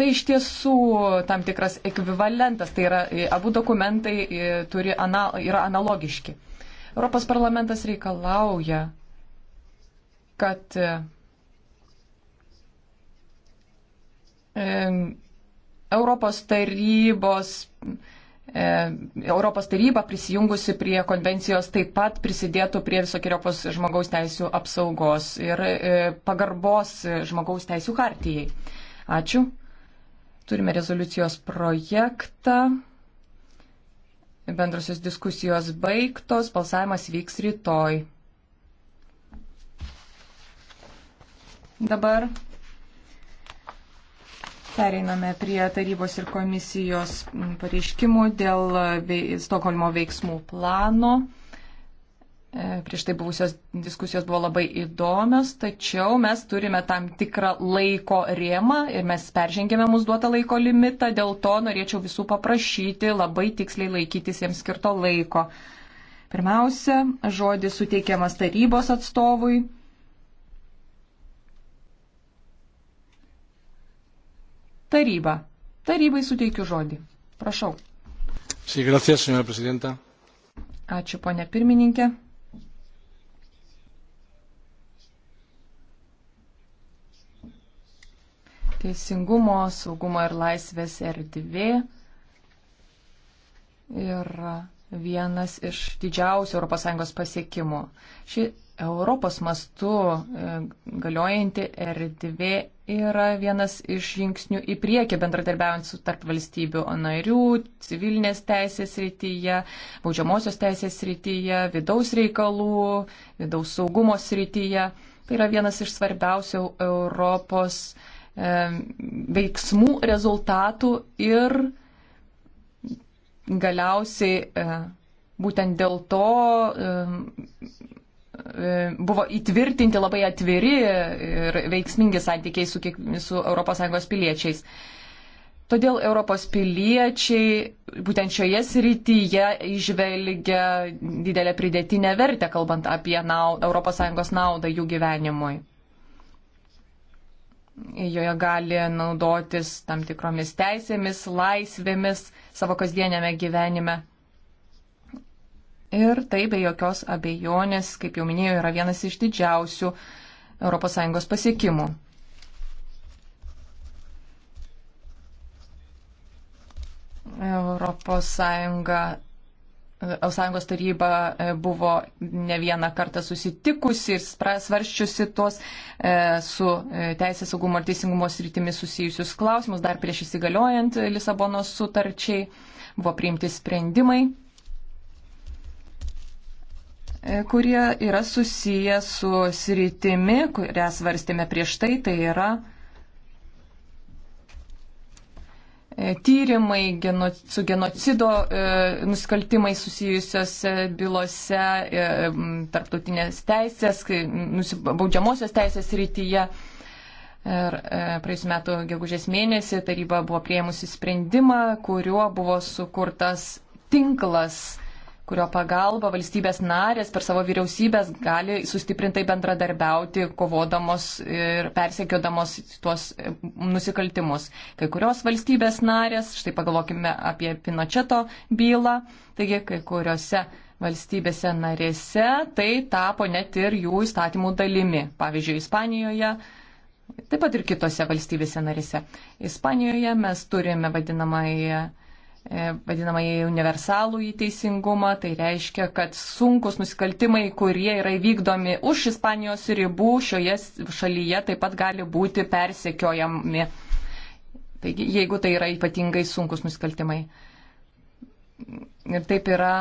Tai iš tiesų tam tikras ekvivalentas, tai yra e, abu dokumentai e, turi, ana, yra analogiški. Europos parlamentas reikalauja, kad e, Europos tarybos Europos taryba prisijungusi prie konvencijos taip pat prisidėtų prie visokiojopos žmogaus teisų apsaugos ir pagarbos žmogaus teisų hartijai. Ačiū. Turime rezoliucijos projektą. Bendrosios diskusijos baigtos, balsavimas vyks rytoj. Dabar Pereiname prie tarybos ir komisijos pareiškimų dėl Stokholmo veiksmų plano. E, prieš tai buvusios diskusijos buvo labai įdomios, tačiau mes turime tam tikrą laiko rėmą ir mes peržengėme mūsų duotą laiko limitą, dėl to norėčiau visų paprašyti labai tiksliai laikytis jiems skirto laiko. Pirmiausia, žodis suteikiamas tarybos atstovui. Taryba. Tarybai suteikiu žodį. Prašau. Sí, gracias, Ačiū, ponė pirmininkė. teisingumo, saugumo ir laisvės erdvė yra vienas iš didžiausių ES pasiekimų. Ši Europos mastu e, galiojanti erdvė yra vienas iš žingsnių į priekį bendradarbiaujant su tarp valstybių narių, civilinės teisės rytyje, baudžiamosios teisės rytyje, vidaus reikalų, vidaus saugumo rytyje. Tai yra vienas iš svarbiausių Europos E, veiksmų rezultatų ir galiausiai e, būtent dėl to e, buvo įtvirtinti labai atviri ir veiksmingi santykiai su, kiek, su ES piliečiais. Todėl Europos piliečiai būtent šioje srityje išvelgia didelę pridėtinę vertę, kalbant apie naud, ES naudą jų gyvenimui joje gali naudotis tam tikromis teisėmis, laisvėmis savo kasdienėme gyvenime. Ir tai be jokios abejonės, kaip jau minėjau, yra vienas iš didžiausių ES pasiekimų. ES Sąjungos taryba e, buvo ne vieną kartą susitikusi ir svarščiusi tuos e, su e, Teisės saugumo ir teisingumo sritimi susijusius klausimus. Dar prieš įsigaliojant Lisabonos sutarčiai buvo priimti sprendimai, kurie yra susiję su sritimi, kurią svarstėme prieš tai, tai yra E, tyrimai geno, su genocido e, nusikaltimais susijusiose bylose, e, tarptautinės teisės, baudžiamosios teisės rytyje. Ir e, praėjusiu metu gegužės mėnesį taryba buvo prieimusi sprendimą, kuriuo buvo sukurtas tinklas kurio pagalba valstybės narės per savo vyriausybės gali sustiprintai bendradarbiauti, kovodamos ir persekiodamos tuos e, nusikaltimus. Kai kurios valstybės narės, štai pagalvokime apie Pinocheto bylą, taigi kai kuriuose valstybėse narėse tai tapo net ir jų įstatymų dalimi. Pavyzdžiui, Ispanijoje taip pat ir kitose valstybėse narėse. Ispanijoje mes turime vadinamąją E, vadinamąjį universalų į teisingumą. Tai reiškia, kad sunkus nusikaltimai, kurie yra įvykdomi už Ispanijos ribų, šioje šalyje taip pat gali būti persekiojami. Taigi, jeigu tai yra ypatingai sunkus nusikaltimai. Ir taip yra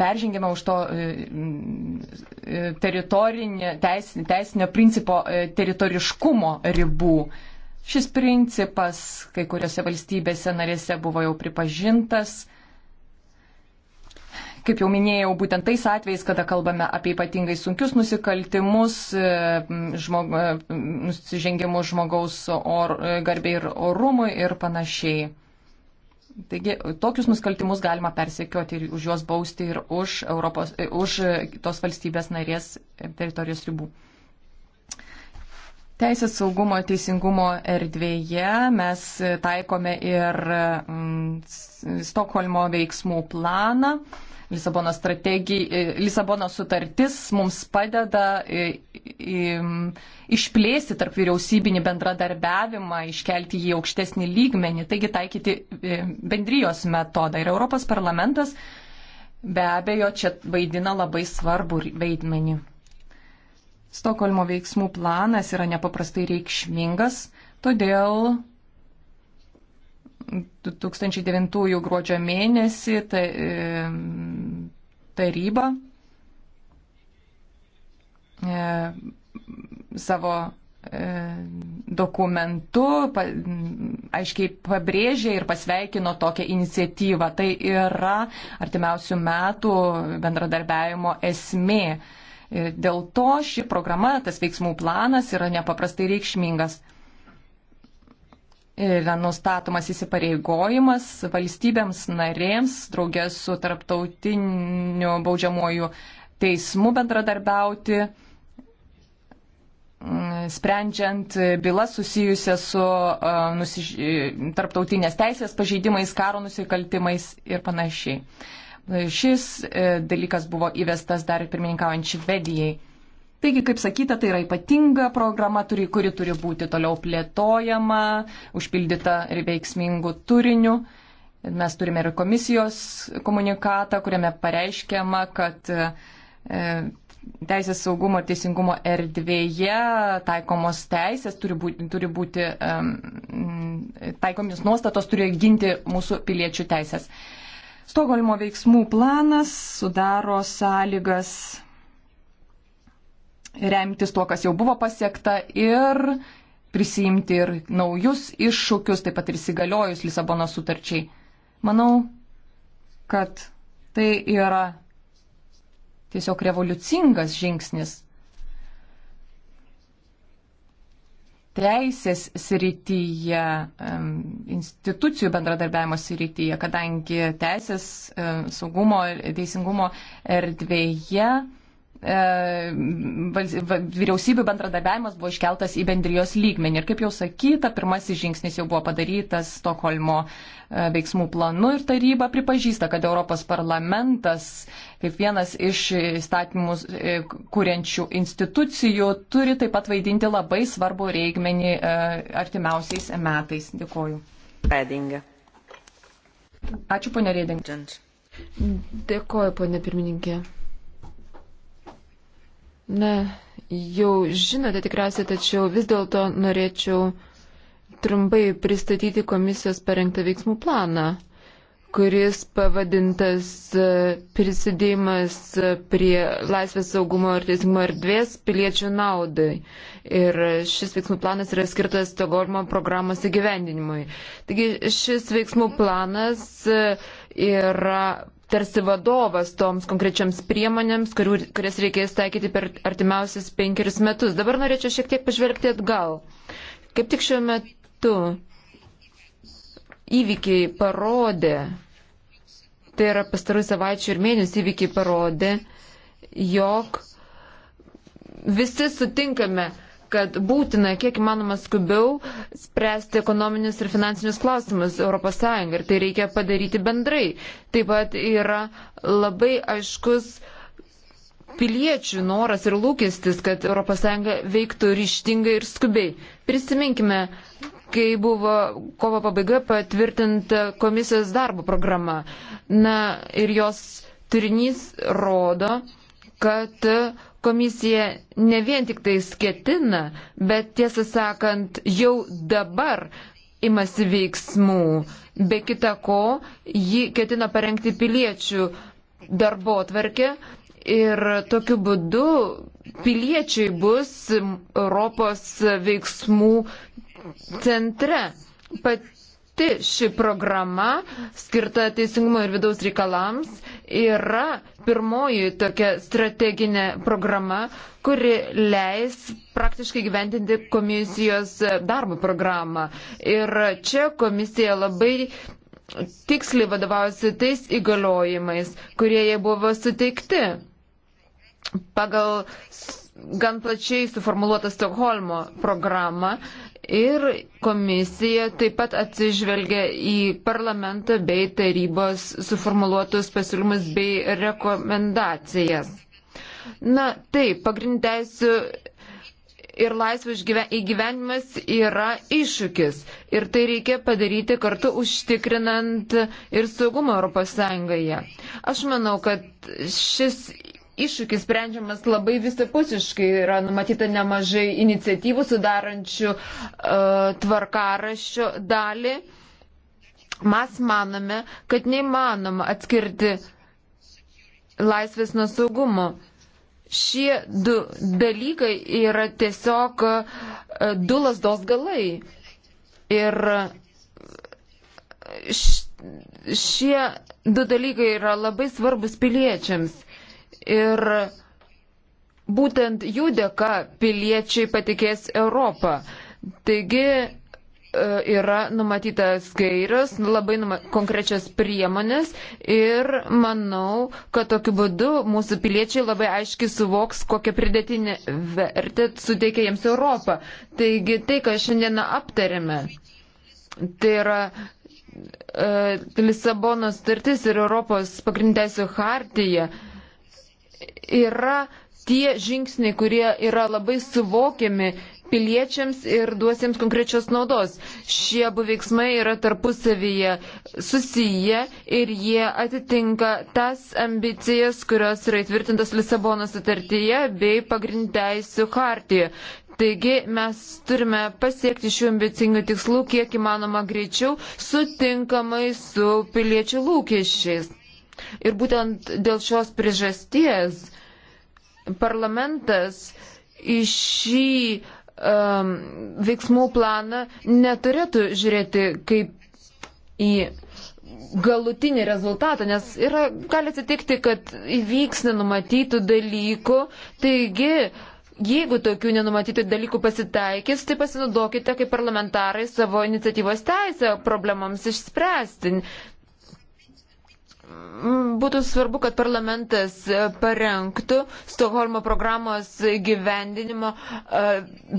peržengiama už to e, e, teritorinio teisinio principo teritoriškumo ribų. Šis principas kai kuriuose valstybėse narėse buvo jau pripažintas. Kaip jau minėjau, būtent tais atvejais, kada kalbame apie ypatingai sunkius nusikaltimus, e, žmog, e, nusižengimus žmogaus or, garbiai ir orumui ir panašiai. Taigi tokius nusikaltimus galima persekioti ir už juos bausti ir už, Europos, e, už tos valstybės narės teritorijos ribų. Teisės saugumo teisingumo erdvėje mes taikome ir mm, Stokholmo veiksmų planą. Lisabono, e, Lisabono sutartis mums padeda e, išplėsti tarp vyriausybinį bendradarbiavimą, iškelti jį aukštesnį lygmenį, taigi taikyti e, bendrijos metodą. Ir Europos parlamentas be abejo čia vaidina labai svarbų vaidmenį. Stokholmo veiksmų planas yra nepaprastai reikšmingas, todėl 2009 gruodžio mėnesį ta, e, taryba e, savo e, dokumentu pa, aiškiai pabrėžė ir pasveikino tokią iniciatyvą. Tai yra artimiausių metų bendradarbiajimo esmė. E, Dėl to ši programa, tas veiksmų planas yra nepaprastai reikšmingas. Yra nustatomas įsipareigojimas valstybėms narėms, draugės su tarptautiniu baudžiamuoju teismu bendradarbiauti mm, sprendžiant bylas susijusias su uh, e, nusiž... tarptautinės teisės pažeidimais, karo nusikaltimais ir panašiai. Šis e, dalykas buvo įvestas dar pirmininkaujant Švedijai. Taigi, kaip sakyta, tai yra ypatinga programa, turi, kuri turi būti toliau plėtojama, užpildyta ir veiksmingų turinių. Mes turime ir komisijos komunikatą, kuriame pareiškiama, kad e, teisės saugumo ir teisingumo erdvėje taikomos teisės turi būti, turi būti um, taikomis nuostatos turi ginti mūsų piliečių teisės. Uh, Stokholmo veiksmų planas sudaro sąlygas remtis tuo, kas jau buvo pasiekta ir prisijimti ir naujus iššūkius, taip pat ir įsigaliojus Lisabono sutarčiai. Manau, kad tai yra tiesiog revoliucingas žingsnis teisės srityje, institucijų bendradarbiavimo srityje, kadangi teisės saugumo ir teisingumo erdvėje E, vyriausybių bendradarbiavimas buvo iškeltas į bendrijos lygmenį. Ir kaip jau sakyta, pirmasis žingsnis jau buvo padarytas Stokholmo e, veiksmų planu ir taryba pripažįsta, kad Europos parlamentas kaip vienas iš įstatymus e, kuriančių institucijų turi taip pat vaidinti labai svarbu reikmenį artimiausiais metais. Dėkoju. Redinga. Ačiū, ponė Redinga. Dėkoju, ponė pirmininkė. Na, jau žinote tikriausiai, tačiau vis dėlto norėčiau trumpai pristatyti komisijos parengtą veiksmų planą, kuris pavadintas e, prisidėjimas e, prie laisvės saugumo ir teisingumo erdvės piliečių naudai. Ir šis veiksmų planas yra skirtas Stogormo programos įgyvendinimui. Taigi šis veiksmų planas e, yra tarsi vadovas toms konkrečiams priemonėms, kurių, kurias reikės taikyti per artimiausias penkerius metus. Dabar norėčiau šiek tiek pažvelgti atgal. Kaip tik šiuo metu įvykiai parodė, tai yra pastarų savaičių ir mėnesių įvykiai parodė, jog visi sutinkame, kad būtina, kiek įmanoma skubiau, spręsti ekonominius ir finansinius klausimus ES ir tai reikia padaryti bendrai. Taip pat yra labai aiškus piliečių noras ir lūkestis, kad ES veiktų ryštingai ir skubiai. Prisiminkime, kai buvo kovo pabaiga patvirtinta komisijos darbo programa. Na ir jos turinys rodo, kad uh, komisija ne vien tik tai skėtina, bet tiesą sakant, jau dabar imasi veiksmų. Be kita ko, ji ketina parengti piliečių darbo atvarkę ir tokiu būdu piliečiai bus Europos veiksmų centre. Pat pati ši programa skirta teisingumo ir vidaus reikalams yra pirmoji tokia strateginė programa, kuri leis praktiškai gyventinti komisijos darbo programą. Ir čia komisija labai tiksliai vadovaujasi tais įgaliojimais, kurie jai buvo suteikti pagal gan plačiai suformuoluotą Stokholmo programą Ir komisija taip pat atsižvelgia į parlamentą bei tarybos suformuluotus pasiūlymus bei rekomendacijas. Na taip, pagrindėsiu ir laisvų įgyvenimas yra iššūkis. Ir tai reikia padaryti kartu užtikrinant ir saugumą ES. Aš manau, kad šis iššūkis sprendžiamas labai visapusiškai. Yra numatyta nemažai iniciatyvų sudarančių uh, tvarkaraščio dalį. Mes manome, kad neįmanoma atskirti laisvės nuo saugumo. Šie du dalykai yra tiesiog uh, du lasdos galai. Ir e, šie du dalykai yra labai svarbus piliečiams ir būtent jų dėka piliečiai patikės Europą. Taigi e, yra numatytas gairios, labai numa, konkrečios priemonės ir manau, kad tokiu būdu mūsų piliečiai labai aiškiai suvoks, kokią pridėtinę vertę suteikia jiems Europą. Taigi tai, ką šiandieną aptarėme, tai yra e, Lisabonos startis ir Europos pagrindėsių hartija. E, yra tie žingsniai, kurie yra labai suvokiami piliečiams ir duosiems konkrečios naudos. Šie abu veiksmai yra tarpusavyje susiję ir jie atitinka tas ambicijas, kurios yra įtvirtintas Lisabono sutartyje bei pagrindteisių hartijoje. Taigi mes turime pasiekti šių ambicingų tikslų kiek įmanoma greičiau, sutinkamai su piliečių lūkesčiais. Ir būtent dėl šios priežasties parlamentas į šį um, veiksmų planą neturėtų žiūrėti kaip į galutinį rezultatą, nes yra, gali atsitikti, kad įvyks nenumatytų dalykų, taigi jeigu tokių nenumatytų dalykų pasitaikys, tai pasinaudokite kaip parlamentarai savo iniciatyvos teisę problemams išspręsti būtų svarbu, kad parlamentas parengtų Stokholmo programos gyvendinimo e,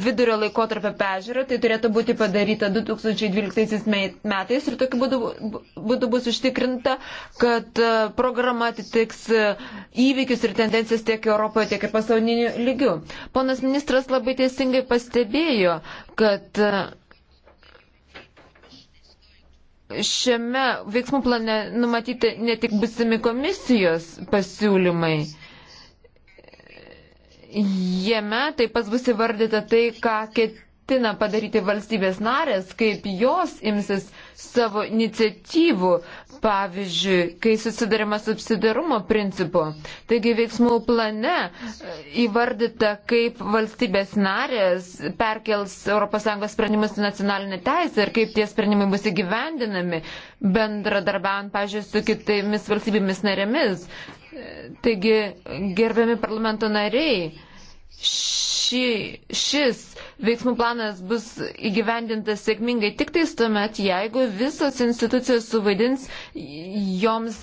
vidurio laikotarpio pežiūrą. Tai turėtų būti padaryta 2012 metais ir tokiu būdu, būdu bus užtikrinta, kad e, programa atitiks e, įvykius ir tendencijas tiek Europoje, tiek ir pasauliniu lygiu. Ponas ministras labai teisingai pastebėjo, kad šiame veiksmų plane numatyti ne tik busimi komisijos pasiūlymai. Jame taip pat bus įvardyta tai, ką ketina padaryti valstybės narės, kaip jos imsis savo iniciatyvų pavyzdžiui, kai susidarima subsidarumo principu. Taigi veiksmų plane e, įvardyta, kaip valstybės narės perkels ES sprendimus į nacionalinę teisę ir kaip tie sprendimai bus įgyvendinami, bendradarbiaujant, pavyzdžiui, su kitomis valstybėmis narėmis. E, Taigi, gerbiami parlamento nariai, ši, šis veiksmų planas bus įgyvendintas sėkmingai tik tais tuomet, jeigu visos institucijos suvaidins joms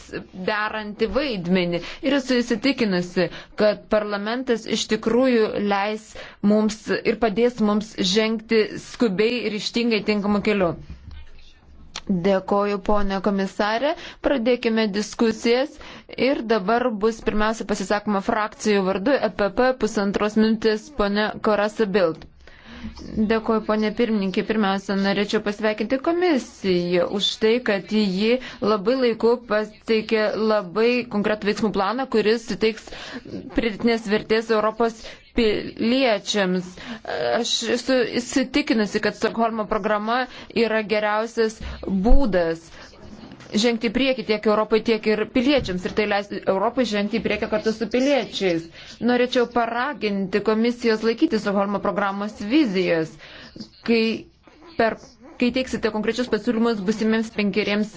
derantį vaidmenį. Ir esu įsitikinusi, kad parlamentas iš tikrųjų leis mums ir padės mums žengti skubiai ir ištingai tinkamu keliu. Dėkoju, ponė komisarė. Pradėkime diskusijas ir dabar bus pirmiausia pasisakoma frakcijų vardu EPP pusantros minutės ponė Korasa Bild. Dėkoju, ponė pirmininkė. Pirmiausia, norėčiau pasveikinti komisiją už tai, kad ji labai laiku pateikė labai konkretų veiksmų planą, kuris suteiks pridėtinės vertės Europos piliečiams. Aš esu įsitikinusi, kad Stokholmo programa yra geriausias būdas žengti į priekį tiek Europai, tiek ir piliečiams ir tai leis Europai žengti į priekį kartu su piliečiais. Norėčiau paraginti komisijos laikytis Stokholmo programos vizijos, kai, per, kai teiksite konkrečius pasiūlymus busimiems penkeriems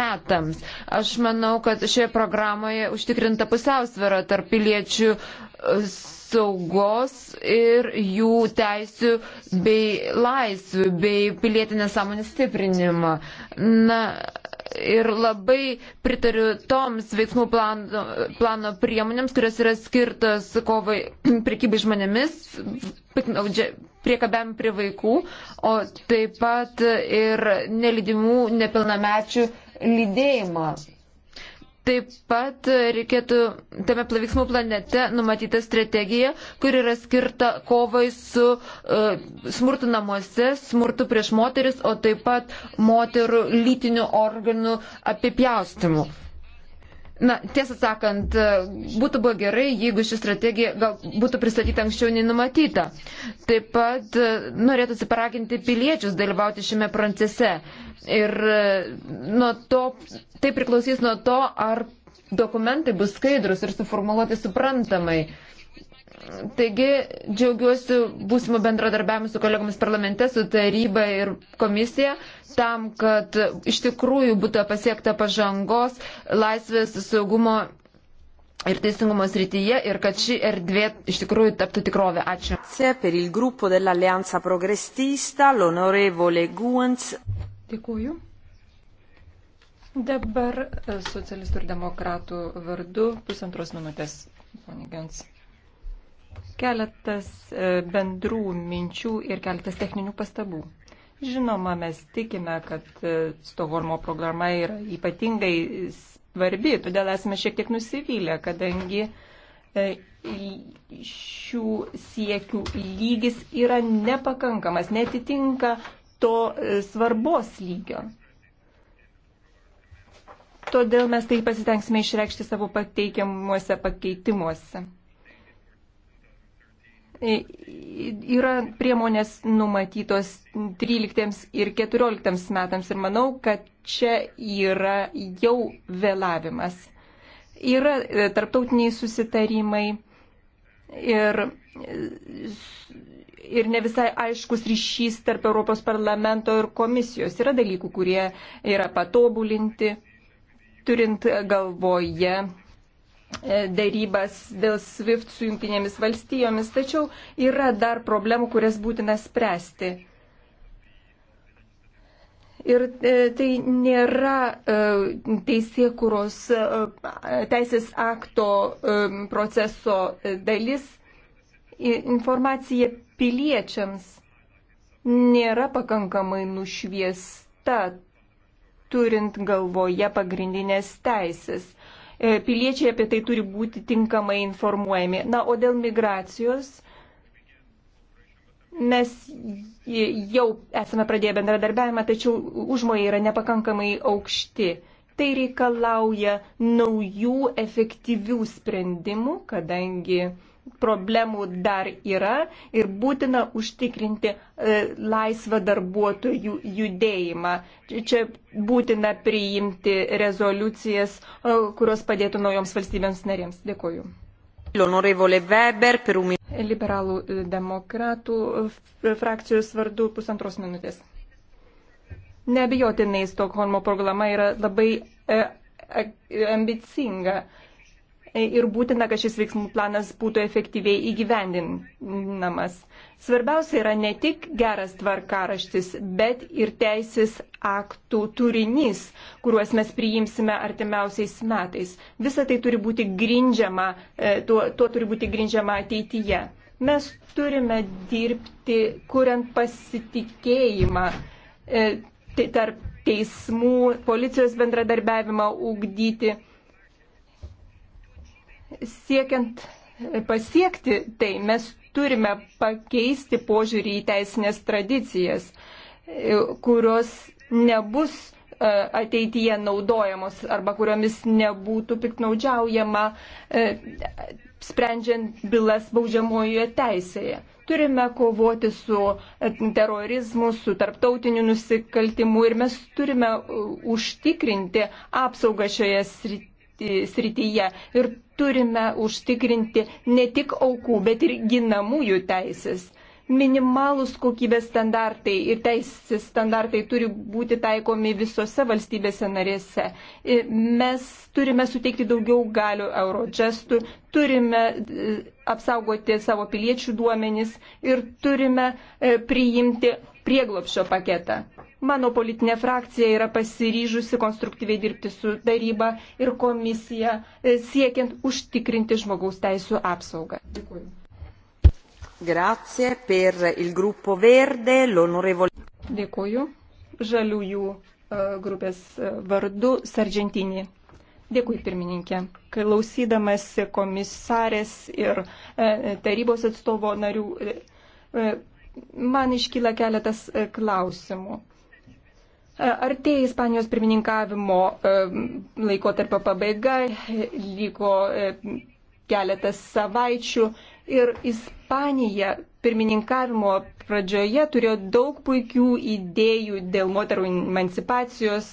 metams. Aš manau, kad šioje programoje užtikrinta pusiausvėra tarp piliečių saugos ir jų teisių bei laisvių, bei pilietinės sąmonės stiprinimą. Na, ir labai pritariu toms veiksmų plano, plano priemonėms, kurios yra skirtos kovai prekybai žmonėmis, priekabėm prie vaikų, o taip pat ir nelydimų nepilnamečių lydėjimą. Taip pat reikėtų tame veiksmų planete numatyti strategiją, kur yra skirta kovai su uh, smurtu namuose, smurtu prieš moteris, o taip pat moterų lytinių organų apipjaustimu. Na, tiesą sakant, būtų buvo gerai, jeigu ši strategija gal būtų pristatyta anksčiau nei numatyta. Taip pat e, norėtųsi paraginti piliečius dalyvauti šiame procese. Ir e, nuo to, tai priklausys nuo to, ar dokumentai bus skaidrus ir suformuoluoti suprantamai. Uh, Taigi džiaugiuosi būsimų bendradarbiavimų su kolegomis parlamente, su taryba ir komisija, tam, kad iš tikrųjų būtų pasiekta pažangos laisvės, saugumo ir teisingumo srityje ir kad ši erdvė iš tikrųjų taptų tikrovė. Ačiū. Dėkuoju. Dabar e, socialistų ir demokratų vardu pusantros minutės, ponė Gens. Keletas e, bendrų minčių ir keletas techninių pastabų. Žinoma, mes tikime, kad e, Stoholmo programa yra ypatingai svarbi, todėl esame šiek tiek nusivylę, kadangi e, šių siekių lygis yra nepakankamas, netitinka to svarbos lygio. Todėl mes tai pasitengsime išreikšti savo pateikiamuose pakeitimuose. Yra priemonės numatytos 13 ir 14 metams ir manau, kad čia yra jau vėlavimas. Yra e, tarptautiniai susitarimai ir, e, ir ne visai aiškus ryšys tarp Europos parlamento ir komisijos. Yra dalykų, kurie yra patobulinti, turint galvoje E, dėrybas dėl SWIFT su jungtinėmis valstijomis, tačiau yra dar problemų, kurias būtina spręsti. Ir e, tai nėra e, teisėkuros teisės akto proceso dalis. Informacija piliečiams nėra pakankamai nušviesta, turint galvoje pagrindinės teisės. E, piliečiai apie tai turi būti tinkamai informuojami. Na, o dėl migracijos mes jau esame pradėję bendradarbiavimą, tačiau užmojai yra nepakankamai aukšti. Tai reikalauja naujų efektyvių sprendimų, kadangi problemų dar yra ir būtina užtikrinti e, laisvą darbuotojų judėjimą. Čia būtina priimti rezoliucijas, e, kurios padėtų naujoms valstybėms narėms. Dėkuoju. Liberalų e, demokratų frakcijos vardu pusantros minutės. Neabijotinai Stokholmo programa yra labai ambicinga ir būtina, kad šis veiksmų planas būtų efektyviai įgyvendinamas. Svarbiausia yra ne tik geras tvarkaraštis, bet ir teisės aktų turinys, kuriuos mes priimsime artimiausiais metais. Visa tai turi būti grindžiama, e, tuo, tuo turi būti grindžiama ateityje. Mes turime dirbti, kuriant pasitikėjimą e, tarp teismų, policijos bendradarbiavimą ugdyti siekiant pasiekti tai, mes turime pakeisti požiūrį į teisinės tradicijas, e, kurios nebus e, ateityje naudojamos arba kuriomis nebūtų piknaudžiaujama e, sprendžiant bylas baudžiamojoje teisėje. Turime kovoti su terorizmu, su tarptautiniu nusikaltimu ir mes turime užtikrinti apsaugą šioje srityje srityje ir turime užtikrinti ne tik aukų, bet ir ginamųjų teisės. Minimalūs kokybės standartai ir teisės standartai turi būti taikomi visose valstybėse narėse. E, mes turime suteikti daugiau galių Eurodžestui, turime e, apsaugoti savo piliečių duomenis ir turime e, priimti prieglopšio paketą. Mano politinė frakcija yra pasiryžusi konstruktyviai dirbti su taryba ir komisija, e, siekiant užtikrinti žmogaus teisų apsaugą. Dėkuoju. Grazie per il gruppo verde, l'onorevole. Dėkuoju. Žaliųjų e, grupės e, vardu Sargentinį. Dėkui, pirmininkė. Klausydamasi komisarės ir tarybos atstovo narių, man iškyla keletas klausimų. Artėja Ispanijos pirmininkavimo laikotarpio pabaiga, liko keletas savaičių ir Ispanija pirmininkavimo pradžioje turėjo daug puikių idėjų dėl moterų emancipacijos,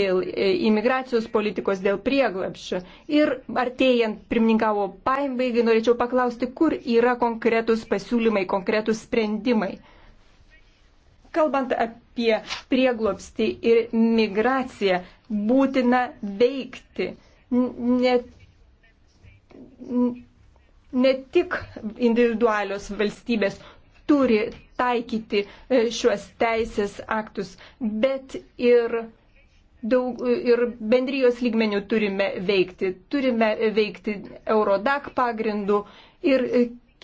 dėl e, imigracijos politikos, dėl prieglapščio. Ir artėjant pirmininkavo paimbaigai, norėčiau paklausti, kur yra konkretus pasiūlymai, konkretus sprendimai. Kalbant apie prieglopstį ir migraciją, būtina veikti. Ne, ne tik individualios valstybės turi taikyti e, šiuos teisės aktus, bet ir, daug, ir bendrijos lygmenių turime veikti. Turime veikti Eurodak pagrindų ir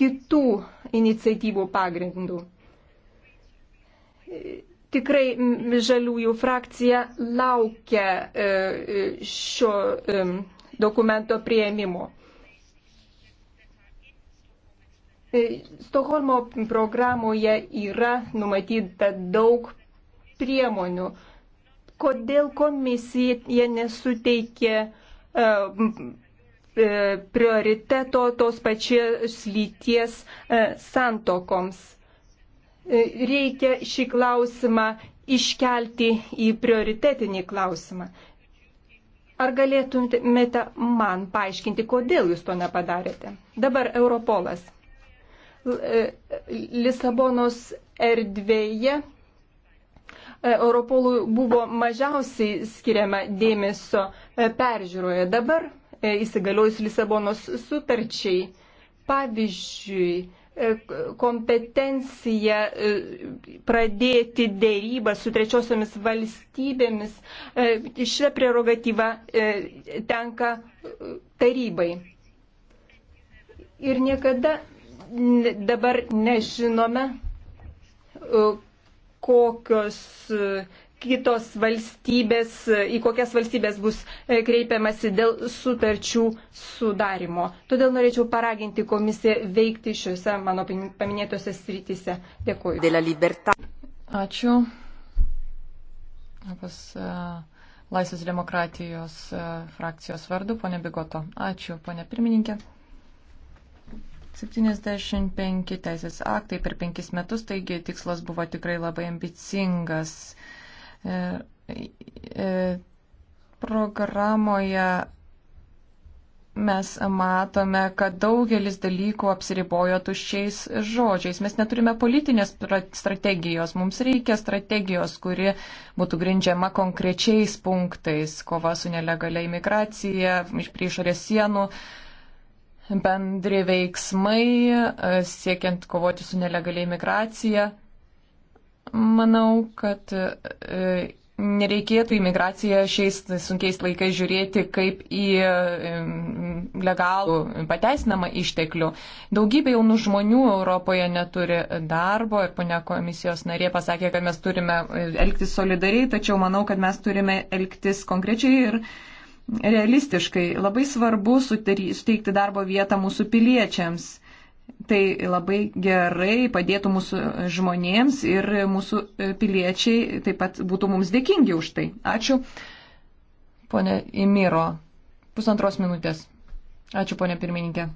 kitų iniciatyvų pagrindų tikrai žaliųjų frakcija laukia e, e, šio e, dokumento prieimimo. Stokholmo programoje yra numatyta daug priemonių. Kodėl komisija nesuteikė prioriteto tos pačios lyties santokoms? E, reikia šį klausimą iškelti į prioritetinį klausimą. Ar galėtumėte man paaiškinti, kodėl jūs to nepadarėte? Dabar Europolas. E, Lisabonos erdvėje e, Europolui buvo mažiausiai skiriama dėmesio peržiūroje. Dabar įsigaliojus Lisabonos sutarčiai, pavyzdžiui, E, kompetencija e, pradėti dėrybą su trečiosiomis valstybėmis, e, šią prerogatyvą tenka tarybai. Ir niekada dabar nežinome, kokios kitos valstybės, į kokias valstybės bus e, kreipiamasi dėl sutarčių sudarimo. Todėl norėčiau paraginti komisiją veikti šiuose mano paminėtose srityse. Dėkuoju. Ačiū. Pas e, Laisvės demokratijos e, frakcijos vardu, ponė Bigoto. Ačiū, ponė pirmininkė. 75 teisės aktai per penkis metus, taigi tikslas buvo tikrai labai ambicingas E, e, programoje mes matome, kad daugelis dalykų apsiribojo tuščiais žodžiais. Mes neturime politinės strategijos, mums reikia strategijos, kuri būtų grindžiama konkrečiais punktais - kova su nelegalia imigracija, iš priešorės sienų, bendri veiksmai e, siekiant kovoti su nelegalia imigracija. Manau, kad e, nereikėtų į migraciją šiais sunkiais laikais žiūrėti kaip į e, legalų pateisinamą išteklių. Daugybė jaunų žmonių Europoje neturi darbo ir ponia komisijos narė pasakė, kad mes turime e, elgtis solidariai, tačiau manau, kad mes turime elgtis konkrečiai ir realistiškai. Labai svarbu suteikti darbo vietą mūsų piliečiams Tai labai gerai padėtų mūsų žmonėms ir mūsų piliečiai taip pat būtų mums dėkingi už tai. Ačiū, ponė Imiro. Pusantros minutės. Ačiū, ponė pirmininkė.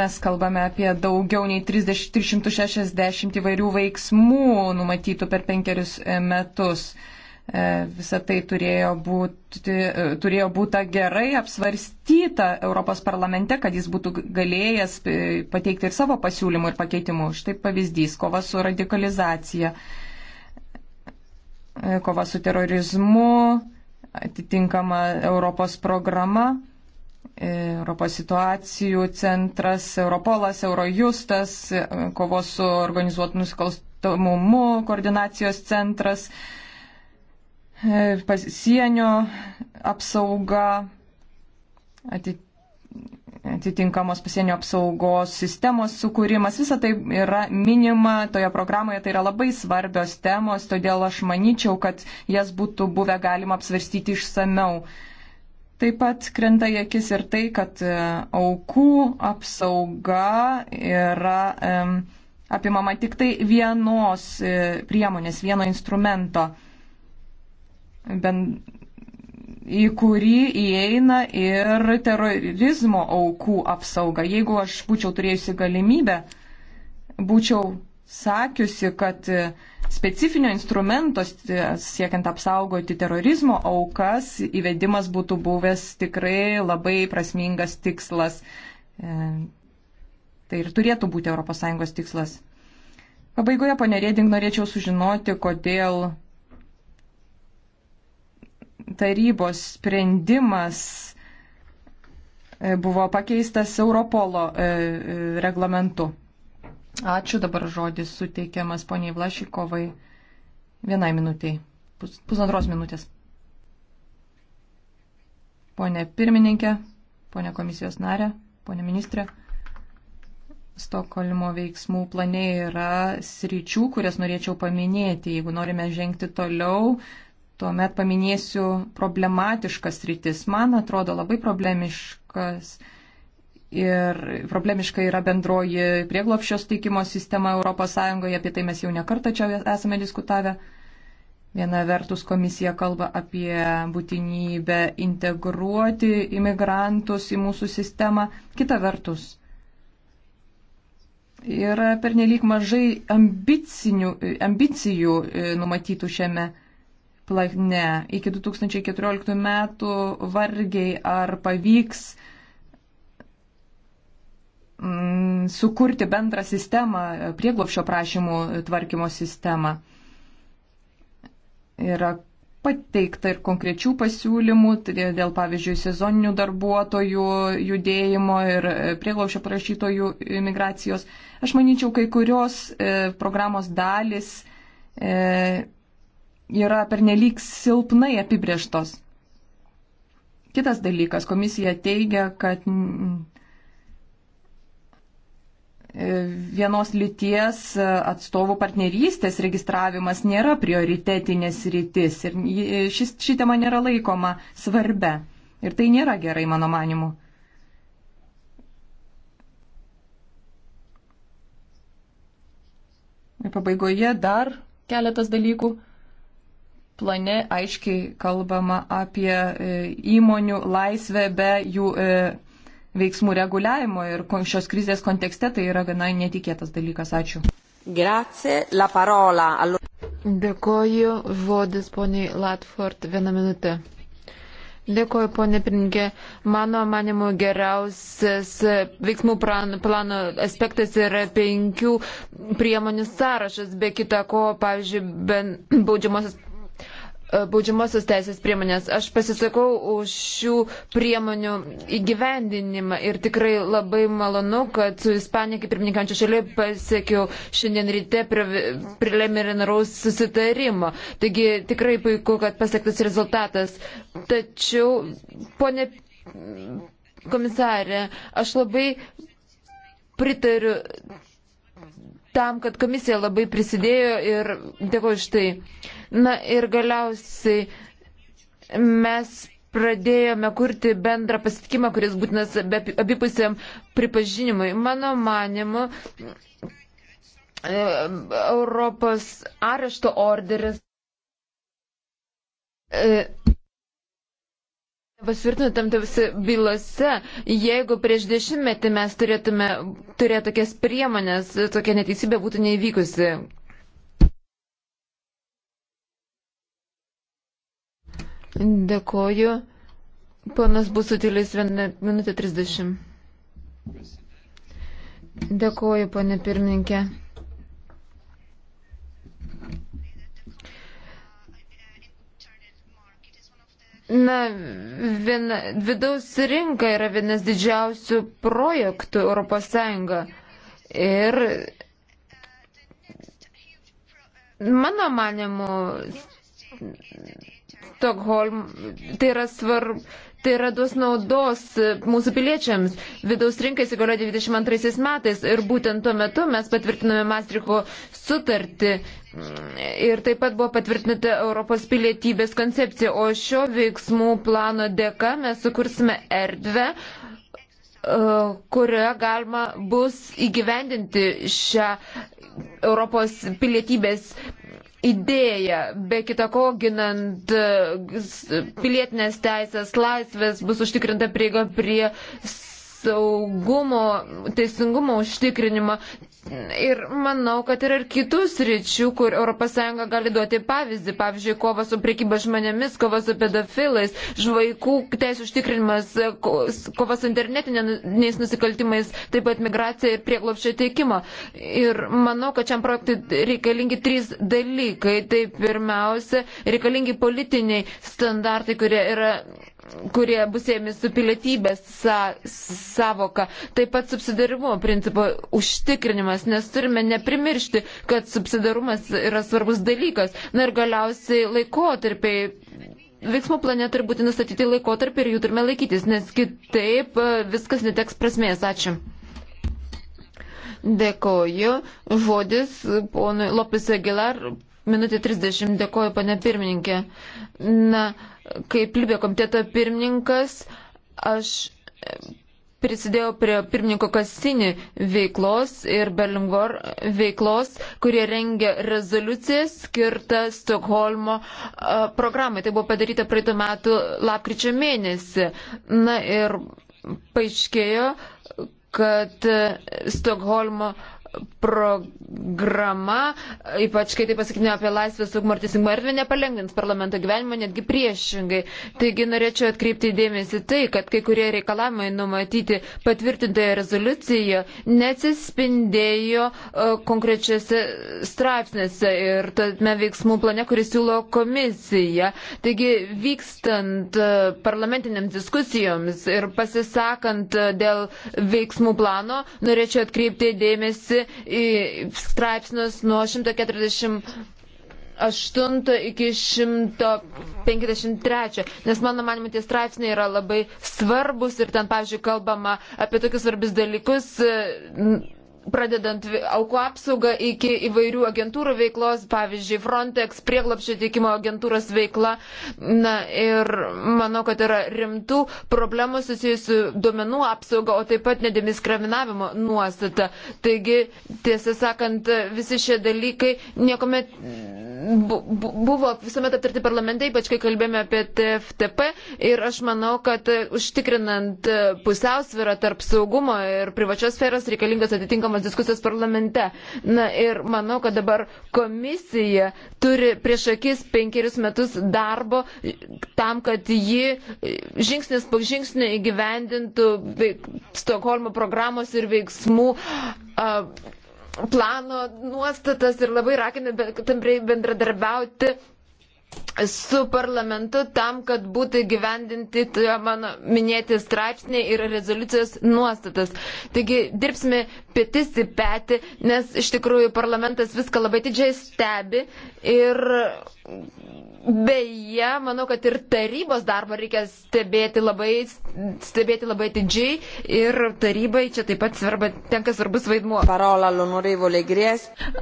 Mes kalbame apie daugiau nei 30, 360 įvairių veiksmų numatytų per penkerius metus. E, Visą tai turėjo būti, e, turėjo būti gerai apsvarstyta Europos parlamente, kad jis būtų galėjęs e, pateikti ir savo pasiūlymų ir pakeitimų. Štai pavyzdys - kova su radikalizacija, kova su terorizmu, atitinkama Europos programa. Europos situacijų centras, Europolas, Eurojustas, kovos su organizuotų nusikalstamumu koordinacijos centras, E, pasienio apsauga, atitinkamos pasienio apsaugos sistemos sukūrimas, visa tai yra minima toje programoje, tai yra labai svarbios temos, todėl aš manyčiau, kad jas būtų buvę galima apsvarstyti išsameu. Taip pat krenta į akis ir tai, kad e, aukų apsauga yra apimama tik tai vienos e, priemonės, vieno instrumento ben, į kurį įeina ir terorizmo aukų apsauga. Jeigu aš būčiau turėjusi galimybę, būčiau sakiusi, kad specifinio instrumento siekiant apsaugoti terorizmo aukas įvedimas būtų buvęs tikrai labai prasmingas tikslas. E, tai ir turėtų būti ES tikslas. Pabaigoje, ponė Rėding, norėčiau sužinoti, kodėl tarybos sprendimas e, buvo pakeistas Europolo e, e, reglamentu. Ačiū, dabar žodis suteikiamas poniai Vlašikovai vienai minutiai, pus, pusantros minutės. Pone pirmininkė, pone komisijos narė, pone ministrė. Stokholmo veiksmų plane yra sričių, kurias norėčiau paminėti. Jeigu norime žengti toliau, Tuomet paminėsiu problematiškas rytis. Man atrodo labai problemiškas. Ir problemiška yra bendroji prieglopščios teikimo sistema ES, apie tai mes jau nekartą čia esame diskutavę. Viena vertus komisija kalba apie būtinybę integruoti imigrantus į mūsų sistemą, kita vertus yra pernelyg mažai ambicinių, ambicijų e, numatytų šiame plane. Iki 2014 metų vargiai ar pavyks mm, sukurti bendrą sistemą, prieglopšio prašymų tvarkymo sistemą. Yra pateikta ir konkrečių pasiūlymų tai dėl, pavyzdžiui, sezoninių darbuotojų judėjimo ir e, prieglaušio prašytojų imigracijos. Aš manyčiau, kai kurios e, programos dalis e, yra pernelyg silpnai apibrieštos. Kitas dalykas, komisija teigia, kad vienos lyties atstovų partnerystės registravimas nėra prioritetinės rytis ir šis, ši tema nėra laikoma svarbia. Ir tai nėra gerai, mano manimu. Ir pabaigoje dar keletas dalykų plane aiškiai kalbama apie e, įmonių laisvę be jų e, veiksmų reguliavimo ir šios krizės kontekste tai yra gana netikėtas dalykas. Ačiū. Grazie, la parola. Dėkoju, žodis poniai Latford, vieną minutę. Dėkoju, ponė Pirinkė. Mano manimo geriausias veiksmų plano aspektas yra penkių priemonių sąrašas, be kita ko, pavyzdžiui, baudžiamosios E, baudžiamosios teisės priemonės. Aš pasisakau už šių priemonių įgyvendinimą ir tikrai labai malonu, kad su Ispanija kaip pirmininkančio šalia pasiekiau šiandien ryte preliminaraus susitarimo. Taigi tikrai puiku, kad pasiektas rezultatas. Tačiau, ponė komisarė, aš labai pritariu tam, kad komisija labai prisidėjo ir dėkoju iš tai. Na ir galiausiai mes pradėjome kurti bendrą pasitikimą, kuris būtinas abipusiam pripažinimui. Mano manimu, Europos arešto orderis e, Pasvirtinotam visi bylose, jeigu prieš dešimtmetį mes turėtume turėti tokias priemonės, tokia neteisybė būtų neįvykusi. Dėkoju. Panas bus sutilis 1 minutė 30. Dėkoju, ponė pirmininkė. Na, viena, vidaus rinka yra vienas didžiausių projektų ES. Ir mano manimu, Stokholm, tai yra svarbu Tai yra duos naudos mūsų piliečiams. Vidaus rinkai įsigaliojo 22 metais ir būtent tuo metu mes patvirtinome Mastriko sutartį. Ir taip pat buvo patvirtinta Europos pilietybės koncepcija, o šio veiksmų plano dėka mes sukursime erdvę, e, kurioje galima bus įgyvendinti šią Europos pilietybės idėja, be kita ko, ginant e, pilietinės teisės, laisvės, bus užtikrinta prieiga prie saugumo, teisingumo užtikrinimą. Ir manau, kad yra ir kitų sričių, kur ES gali duoti pavyzdį. Pavyzdžiui, kova su priekyba žmonėmis, kova su pedofilais, žvaikų teisų užtikrinimas, kova su internetiniais nusikaltimais, taip pat migracija ir prieglopščio teikimo. Ir manau, kad šiam projektui reikalingi trys dalykai. Tai pirmiausia, reikalingi politiniai standartai, kurie yra kurie bus ėmi su pilietybės sa, savoka. Taip pat subsidarimo principo užtikrinimas, nes turime neprimiršti, kad subsidarumas yra svarbus dalykas. Na ir galiausiai laikotarpiai. Veiksmų plane turi būti nustatyti laikotarpį ir jų turime laikytis, nes kitaip e, viskas neteks prasmės. Ačiū. Dėkoju. Žodis ponui Lopis Agilar, minutė 30. Dėkoju, pane pirmininkė. Na, uh, kaip Libė komiteto pirmininkas, aš prisidėjau prie pirmininko Kasini veiklos ir Berlingor veiklos, kurie rengia rezoliucijas skirtą Stokholmo programai. Tai buvo padaryta praeitų metų lapkričio mėnesį. Na ir paaiškėjo, kad Stokholmo uh, programa, ypač kai tai pasakinė apie laisvės saugumo ir teisingumo erdvę, nepalengvins parlamento gyvenimą, netgi priešingai. Taigi norėčiau atkreipti dėmesį tai, kad kai kurie reikalavimai numatyti patvirtintoje rezoliucijoje nesispindėjo e, konkrečiose straipsnėse ir tame veiksmų plane, kurį siūlo komisija. Taigi vykstant e, parlamentiniams diskusijoms ir pasisakant e, dėl veiksmų plano, norėčiau atkreipti dėmesį straipsnius nuo 148 iki 153, nes mano manimo tie straipsniai yra labai svarbus ir ten, pavyzdžiui, kalbama apie tokius svarbius dalykus pradedant aukų apsaugą iki įvairių agentūrų veiklos, pavyzdžiui, Frontex, prieglapščio teikimo agentūros veikla. Na ir manau, kad yra rimtų problemų susijusių duomenų apsauga, o taip pat nediskriminavimo nuostata. Taigi, tiesą sakant, visi šie dalykai niekuomet buvo visuomet aptarti parlamentai, ypač kai kalbėjome apie TFTP ir aš manau, kad užtikrinant pusiausvyrą tarp saugumo ir privačios sferos reikalingas atitinkamas vykdomos diskusijos parlamente. Na ir manau, kad dabar komisija turi prieš akis penkerius metus darbo tam, kad ji žingsnis po žingsnio įgyvendintų Stokholmo programos ir veiksmų. Uh, plano nuostatas ir labai raginame bendrai bendradarbiauti su parlamentu tam, kad būtų gyvendinti mano minėti straipsniai ir rezoliucijos nuostatas. Taigi dirbsime pėtis į petį, nes iš tikrųjų parlamentas viską labai didžiai stebi ir beje, manau, kad ir tarybos darbą reikia stebėti labai, stebėti labai didžiai ir tarybai čia taip pat svarba, tenka svarbus vaidmuo. Parola,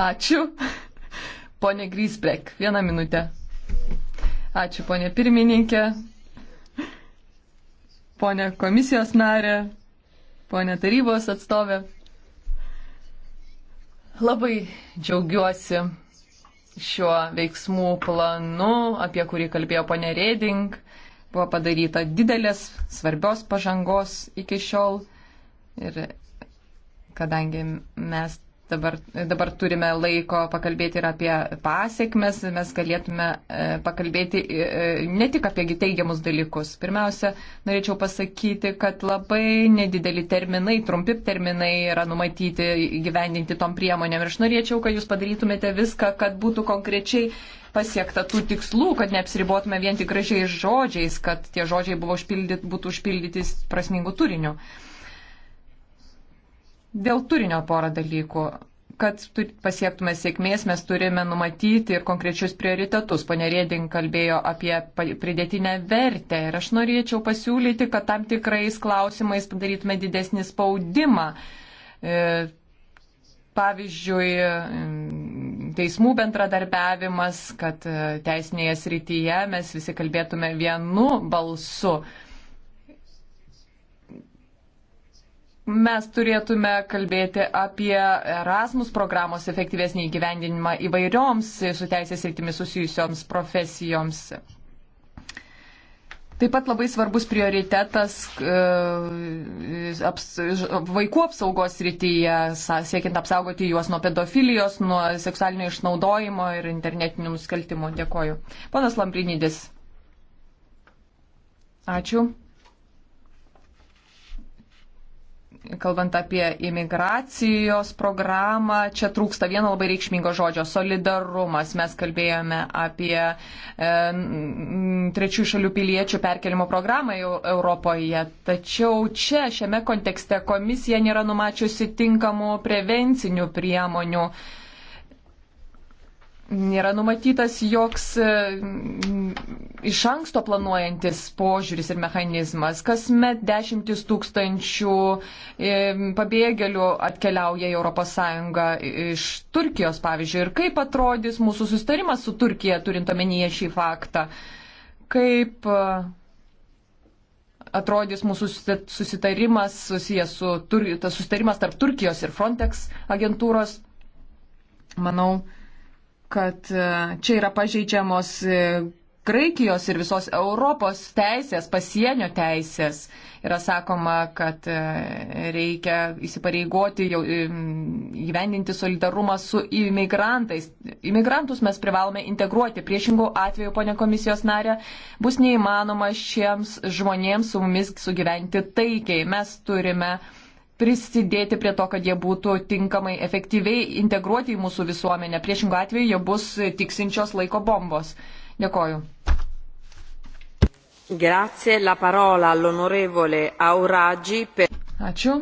Ačiū. Pone Grisbek, vieną minutę. Ačiū, ponė pirmininkė, ponė komisijos narė, ponė tarybos atstovė. Labai džiaugiuosi šiuo veiksmų planu, apie kurį kalbėjo ponė Reding. Buvo padaryta didelės, svarbios pažangos iki šiol. Ir kadangi mes Dabar, dabar turime laiko pakalbėti ir apie pasiekmes, mes galėtume e, pakalbėti e, e, ne tik apie teigiamus dalykus. Pirmiausia, norėčiau pasakyti, kad labai nedideli terminai, trumpi terminai yra numatyti gyvendinti tom priemonėm. Ir aš norėčiau, kad jūs padarytumėte viską, kad būtų konkrečiai pasiekta tų tikslų, kad neapsiribotume vien tik gražiais žodžiais, kad tie žodžiai užpildyt, būtų užpildyti prasmingų turinių. Uh, Dėl turinio porą dalykų. Kad pasiektume sėkmės, mes turime numatyti ir konkrečius prioritetus. Pane Rėding kalbėjo apie pridėtinę vertę ir aš norėčiau pasiūlyti, kad tam tikrais klausimais padarytume didesnį spaudimą. E, pavyzdžiui, teismų bendradarbiavimas, kad e, teisinėje srityje mes visi kalbėtume vienu balsu mes turėtume kalbėti apie Erasmus programos efektyvesnį įgyvendinimą įvairioms su teisės rytimi susijusioms profesijoms. Taip pat labai svarbus prioritetas e, aps, vaikų apsaugos rytyje, siekiant apsaugoti juos nuo pedofilijos, nuo seksualinio išnaudojimo ir internetinių nusikaltimų. Dėkoju. Ponas Lambrinydis. Ačiū. kalbant apie imigracijos programą, čia trūksta vieno labai reikšmingo žodžio - solidarumas. Mes kalbėjome apie e, trečių šalių piliečių perkelimo programą Europoje. Tačiau čia, šiame kontekste, komisija nėra numačiusi tinkamų prevencinių priemonių. E, nėra numatytas joks e, iš anksto planuojantis požiūris ir mechanizmas. Kasmet dešimtis tūkstančių e, pabėgėlių atkeliauja į ES iš Turkijos, pavyzdžiui. Ir kaip atrodys mūsų sustarimas su Turkija, turint omenyje šį faktą? Kaip e, atrodys mūsų susitarimas susijęs su, tas susitarimas tarp Turkijos ir Frontex agentūros? Manau, kad e, čia yra pažeidžiamos e, Graikijos ir visos Europos teisės, pasienio teisės. Yra sakoma, kad e, reikia įsipareigoti, jau, gyvendinti solidarumą su imigrantais. Imigrantus mes privalome integruoti. Priešingų atveju, ponė komisijos narė, bus neįmanoma šiems žmonėms su mumis sugyventi taikiai. Mes turime uh, prisidėti prie to, kad jie būtų tinkamai efektyviai integruoti į mūsų visuomenę. Priešingų atveju jie bus tiksinčios laiko bombos. Dėkoju. Grazie, la parola all'onorevole Auragi per... Ačiū.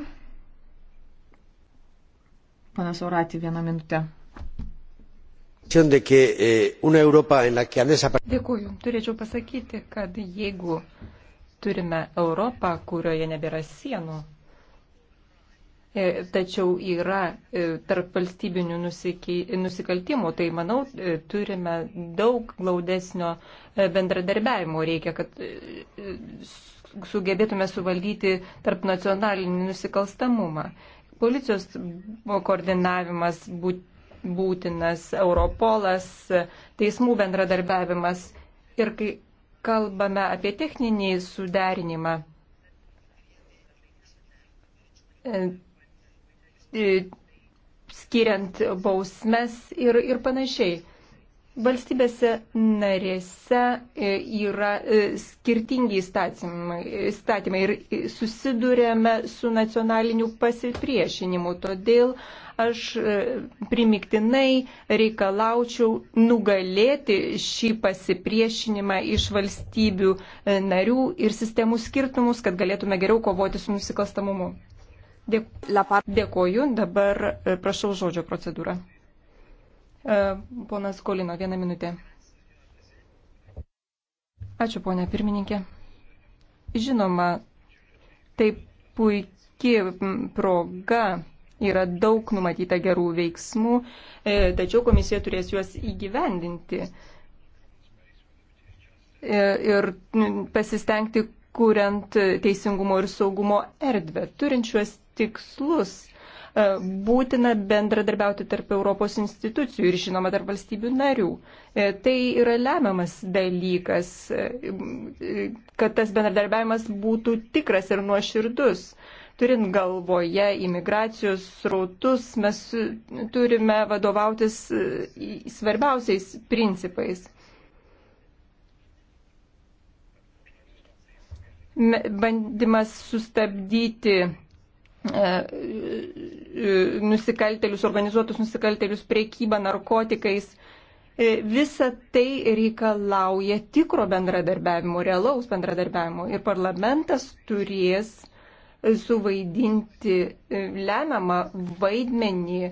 Panas Aurati, vieną minutę. Eh, Dėkuoju. Turėčiau pasakyti, kad jeigu turime Europą, kurioje nebėra sienų, E, tačiau yra e, tarp valstybinių nusikaltimų, tai manau, e, turime daug glaudesnio bendradarbiavimo reikia, kad sugebėtume suvaldyti tarp nacionalinį nusikalstamumą. Policijos koordinavimas būtinas, Europolas, teismų bendradarbiavimas ir kai kalbame apie techninį suderinimą E, skiriant bausmes ir, ir panašiai. Valstybėse narėse e, yra e, skirtingi įstatymai, įstatymai ir susidurėme su nacionaliniu pasipriešinimu. Todėl aš primiktinai reikalaučiau nugalėti šį pasipriešinimą iš valstybių narių ir sistemų skirtumus, kad galėtume geriau kovoti su nusikalstamumu. Dėkoju, dabar e, prašau žodžio procedūrą. E, ponas Kolino, vieną minutę. Ačiū, ponė pirmininkė. Žinoma, tai puikiai proga yra daug numatyta gerų veiksmų, e, tačiau komisija turės juos įgyvendinti ir pasistengti, kuriant teisingumo ir saugumo erdvę. Turint šiuos tikslus. E, būtina bendradarbiauti tarp Europos institucijų ir žinoma tarp valstybių narių. E, tai yra lemiamas dalykas, e, kad tas bendradarbiavimas būtų tikras ir nuoširdus turint galvoje imigracijos srautus, mes turime vadovautis svarbiausiais principais. Bandymas sustabdyti E, e, nusikaltelius, organizuotus nusikaltelius, priekybą narkotikais. E, visa tai reikalauja tikro bendradarbiavimo, realaus bendradarbiavimo. Ir parlamentas turės suvaidinti lemiamą vaidmenį,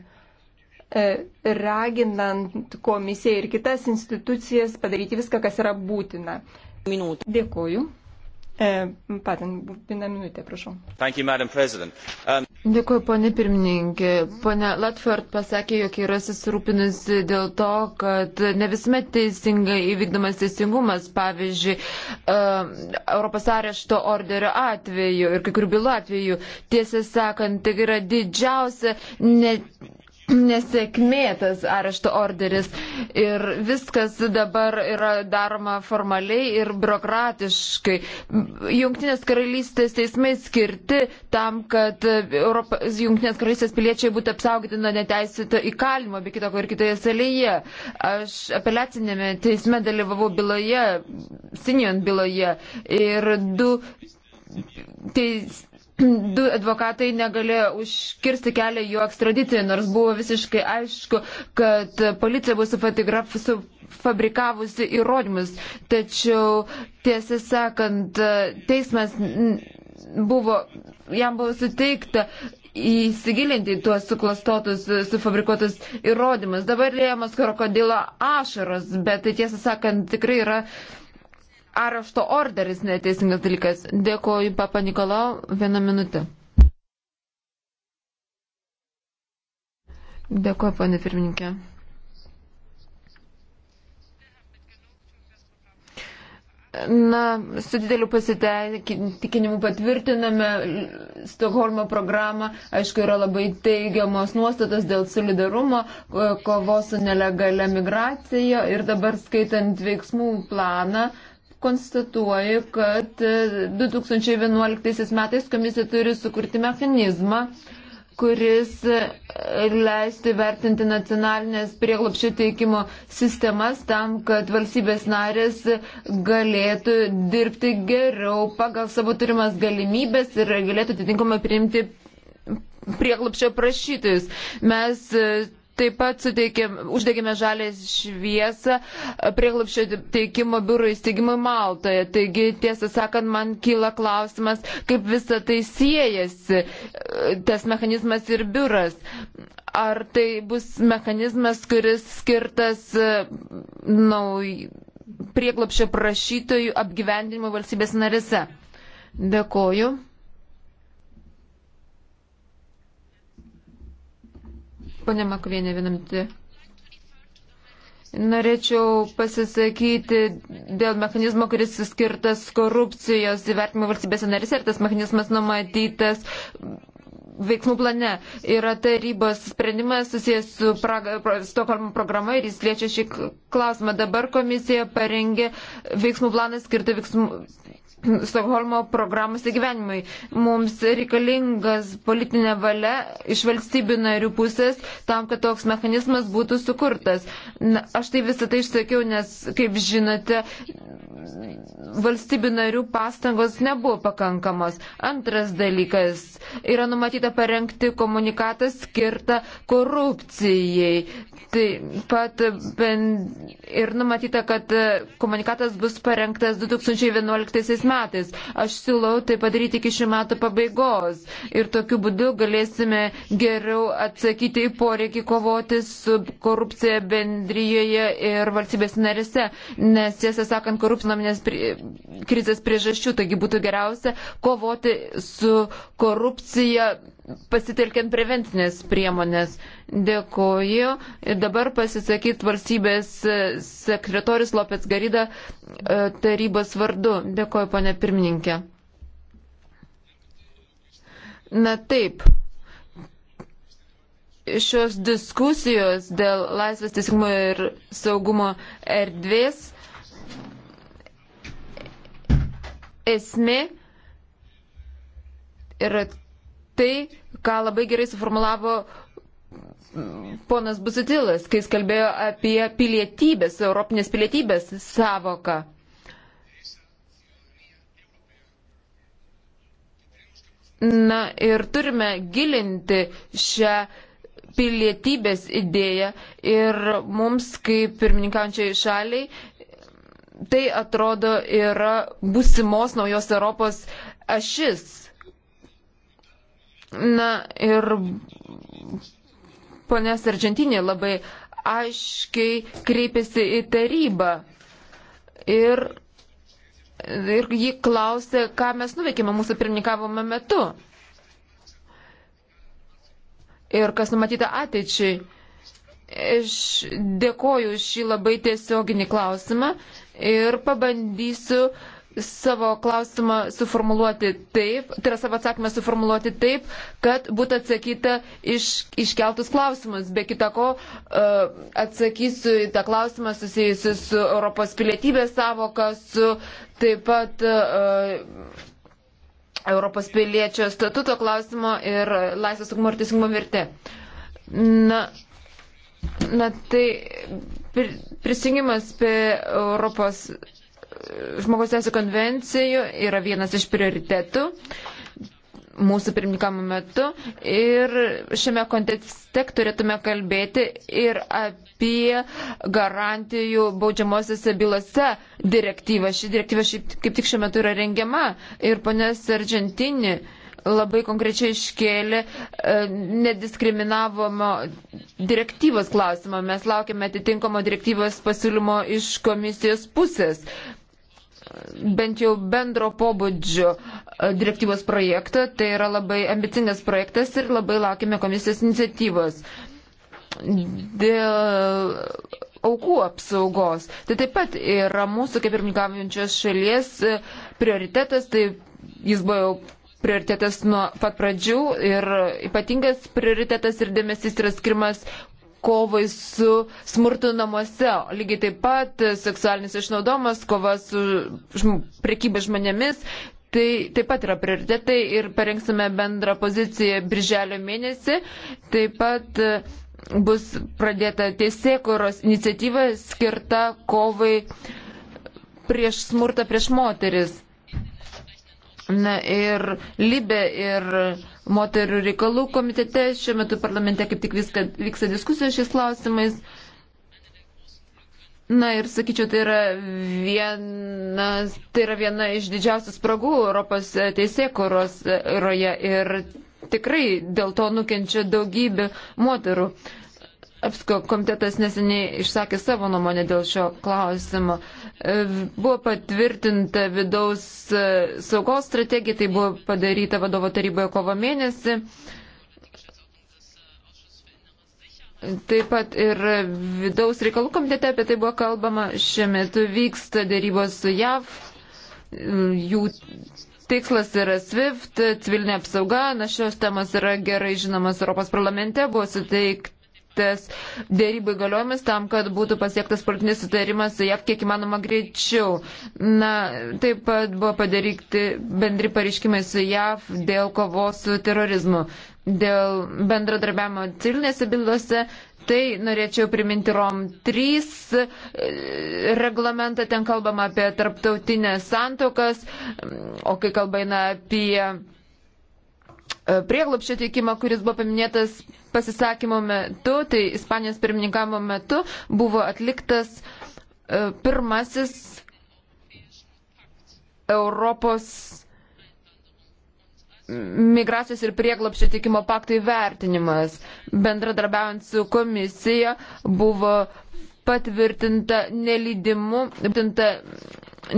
raginant komisiją ir kitas institucijas padaryti viską, kas yra būtina. Minutė. Dėkuoju. E, Patin, vieną minutę, prašau. Um... Dėkuoju, ponė pirmininkė. Pone Latford pasakė, jog yra susirūpinusi dėl to, kad ne visuomet teisingai įvykdomas teisingumas, pavyzdžiui, um, Europos arešto orderio atveju ir kai kurių bylų atveju, tiesą sakant, tai yra didžiausia. Ne nesėkmėtas arešto orderis ir viskas dabar yra daroma formaliai ir biurokratiškai. Junktinės karalystės teismai skirti tam, kad Europos, Junktinės karalystės piliečiai būtų apsaugoti nuo neteisėto įkalimo, be kitako ir kitoje salėje. Aš apeliacinėme teisme dalyvavau byloje, Sinion byloje ir du teis, du advokatai negalėjo užkirsti kelią jų ekstradicijai, nors buvo visiškai aišku, kad policija bus sufabrikavusi įrodymus. Tačiau, tiesą sakant, teismas buvo, jam buvo suteikta įsigilinti į tuos suklastotus, sufabrikuotus įrodymus. Dabar rėmas krokodilo ašaros, bet tai tiesą sakant tikrai yra arešto orderis neteisingas dalykas. Dėkoju, papa Nikolau, vieną minutę. Dėkoju, ponė pirmininkė. Na, su dideliu pasiteikinimu patvirtiname Stokholmo programą. Aišku, yra labai teigiamos nuostatas dėl solidarumo, kovos su nelegalia migracija ir dabar skaitant veiksmų planą, uh, konstatuoja, kad 2011 e, metais komisija turi sukurti mechanizmą, kuris e, leisti vertinti nacionalinės prieglopščio teikimo sistemas tam, kad valstybės narės galėtų dirbti geriau pagal savo turimas galimybės ir galėtų atitinkamai priimti prieglopščio prašytojus. Mes e, Taip pat suteikėm, uždegėme žalę šviesą prieglapščio teikimo biuro įsteigimui Maltoje. Taigi, tiesą sakant, man kyla klausimas, kaip visa tai siejasi, e, tas mechanizmas ir biuras. Ar tai bus mechanizmas, kuris skirtas e, nauj prieglapščio prašytojų apgyvendinimo valstybės narise? Dėkoju. Pone Makvienė, vieną minutę. Norėčiau pasisakyti dėl mechanizmo, kuris skirtas korupcijos įvertimo valstybėse narys ir tas mechanizmas numatytas veiksmų plane. Yra tarybos sprendimas susijęs su Stokholmo programa ir jis liečia šį klausimą. Dabar komisija parengė veiksmų planą skirtą veiksmų Stokholmo programos įgyvenimui. Mums reikalingas politinė valia iš valstybių narių pusės tam, kad toks mechanizmas būtų sukurtas. Na, aš tai visą tai išsakiau, nes, kaip žinote, valstybių narių pastangos nebuvo pakankamos. Antras dalykas yra numatyta parengti komunikatą skirtą korupcijai. Taip pat ben, ir numatyta, kad komunikatas bus parengtas 2011 metais metais. Aš siūlau tai padaryti iki šių metų pabaigos ir tokiu būdu galėsime geriau atsakyti į poreikį kovoti su korupcija bendryjoje ir valstybės narise, nes tiesą sakant, korupcinominės pri... krizės priežasčių, taigi būtų geriausia kovoti su korupcija pasitelkiant prevencinės priemonės. Dėkoju. Dabar pasisakyt valstybės sekretorius Lopets Garida e, tarybos vardu. Dėkoju, ponė pirmininkė. Na taip. Šios diskusijos dėl laisvės teisingumo ir saugumo erdvės esmė yra tai, ką labai gerai suformulavo mm, ponas Busutilas, kai jis kalbėjo apie pilietybės, europinės pilietybės savoką. Na ir turime gilinti šią pilietybės idėją ir mums, kaip pirmininkaujančiai šaliai, tai atrodo yra būsimos naujos Europos ašis. Na ir ponės Argentinė labai aiškiai kreipėsi į tarybą ir, ir jį klausė, ką mes nuveikėme mūsų pirmininkavome metu ir kas numatyta ateičiai. Aš dėkoju šį labai tiesioginį klausimą ir pabandysiu uh, savo klausimą suformuluoti taip, tai yra savo atsakymą suformuluoti taip, kad būtų atsakyta iš, iškeltus klausimus. Be kita ko, e, atsakysiu į tą klausimą susijusiu su Europos pilietybės savoka, su taip pat e, Europos piliečio statuto klausimo ir laisvės saugumo ir teisingumo vertė. Na, na tai prisijungimas prie Europos žmogaus teisų konvencijų yra vienas iš prioritetų mūsų pirmininkamų metu ir šiame kontekste turėtume kalbėti ir apie garantijų baudžiamosiose bylose direktyvą. Ši direktyva šiaip, kaip tik šiuo metu yra rengiama ir ponė Sargentini labai konkrečiai iškėlė e, nediskriminavimo direktyvos klausimą. Mes laukiame atitinkamo direktyvos pasiūlymo iš komisijos pusės bent jau bendro pobūdžio e, direktyvos projektą. Tai yra labai ambicingas projektas ir labai laukime komisijos iniciatyvos. Dėl aukų apsaugos. Tai taip pat yra mūsų kaip ir minkavinčios šalies e, prioritetas, tai jis buvo jau prioritetas nuo pat pradžių ir ypatingas prioritetas ir dėmesys yra skirmas kovai su smurtu namuose. Lygiai taip pat seksualinis išnaudomas, kova su žm prekybė žmonėmis. Tai taip pat yra prioritetai ir parengsime bendrą poziciją birželio mėnesį. Taip pat e, bus pradėta tiesėkuros iniciatyva skirta kovai prieš smurtą prieš moteris. Na ir Libė ir moterų reikalų komitete. Šiuo metu parlamente kaip tik viską, vyksta diskusijos šiais klausimais. Na ir sakyčiau, tai yra, viena, tai yra viena iš didžiausių spragų Europos teisėkuros roje ir tikrai dėl to nukenčia daugybė moterų. Apsko komitetas neseniai išsakė savo nuomonę dėl šio klausimo. Uh, E, buvo patvirtinta vidaus e, saugos strategija, tai buvo padaryta vadovo taryboje kovo mėnesį. Taip pat ir vidaus reikalų komitete apie tai buvo kalbama. Šiuo metu vyksta dėrybos su JAV. Jų tikslas yra SWIFT, civilinė apsauga. Na, šios temos yra gerai žinomas Europos parlamente. Buvo suteikti suteiktas dėrybai galiojimas tam, kad būtų pasiektas politinis sutarimas su JAV kiek įmanoma greičiau. Na, taip pat buvo padaryti bendri pareiškimai su JAV dėl kovos su terorizmu, dėl bendradarbiavimo civilinėse bylose. Tai norėčiau priminti ROM 3 e, reglamentą, ten kalbama apie tarptautinės santokas, o kai kalba eina apie E, prieglopščio teikimą, kuris buvo paminėtas pasisakymo metu, tai Ispanijos pirmininkavimo metu buvo atliktas e, pirmasis Europos migracijos ir prieglopščio teikimo pakto įvertinimas. Bendradarbiaujant su komisija buvo patvirtinta nelydimu, patvirtinta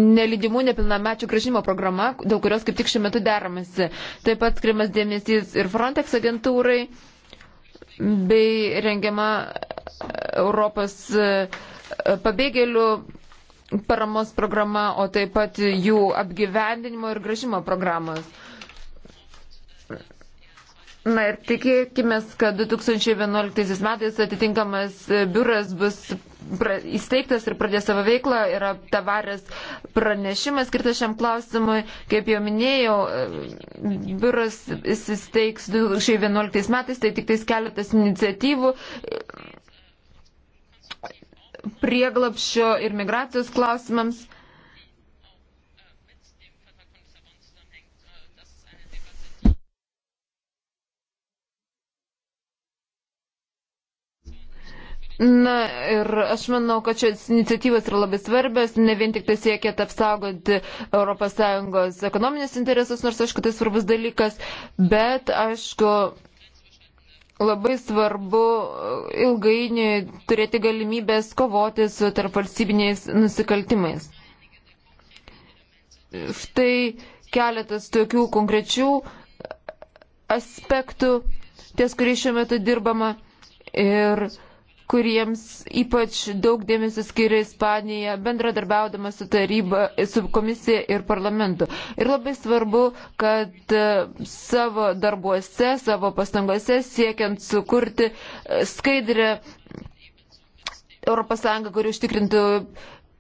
nelydimų nepilnamečių gražinimo programa, dėl kurios kaip tik šiuo metu deramasi. Taip pat skirimas dėmesys ir Frontex agentūrai bei rengiama e, Europos e, pabėgėlių paramos programa, o taip pat jų apgyvendinimo ir gražimo programos. Na ir tikėkime, kad 2011 metais atitinkamas biuras bus pra, įsteigtas ir pradės savo veiklą, yra tavarės pranešimas skirtas šiam klausimui. Kaip jau minėjau, e, biuras įsteigs 2011 metais, tai tik tais keletas iniciatyvų e, prieglapščio ir migracijos klausimams. Na ir aš manau, kad šios iniciatyvos yra labai svarbios, ne vien tik tai siekėt apsaugoti ES ekonominės interesus, nors aišku, tai svarbus dalykas, bet aišku, labai svarbu ilgainiui turėti galimybės kovoti su tarpvalstybiniais nusikaltimais. Štai keletas tokių konkrečių aspektų, ties kuriais šiuo metu dirbama. Ir kuriems ypač daug dėmesio skiria Ispanija, bendradarbiaudama su taryba, su komisija ir parlamentu. Ir labai svarbu, kad e, savo darbuose, savo pastangose siekiant sukurti e, skaidrę ES, kuri užtikrintų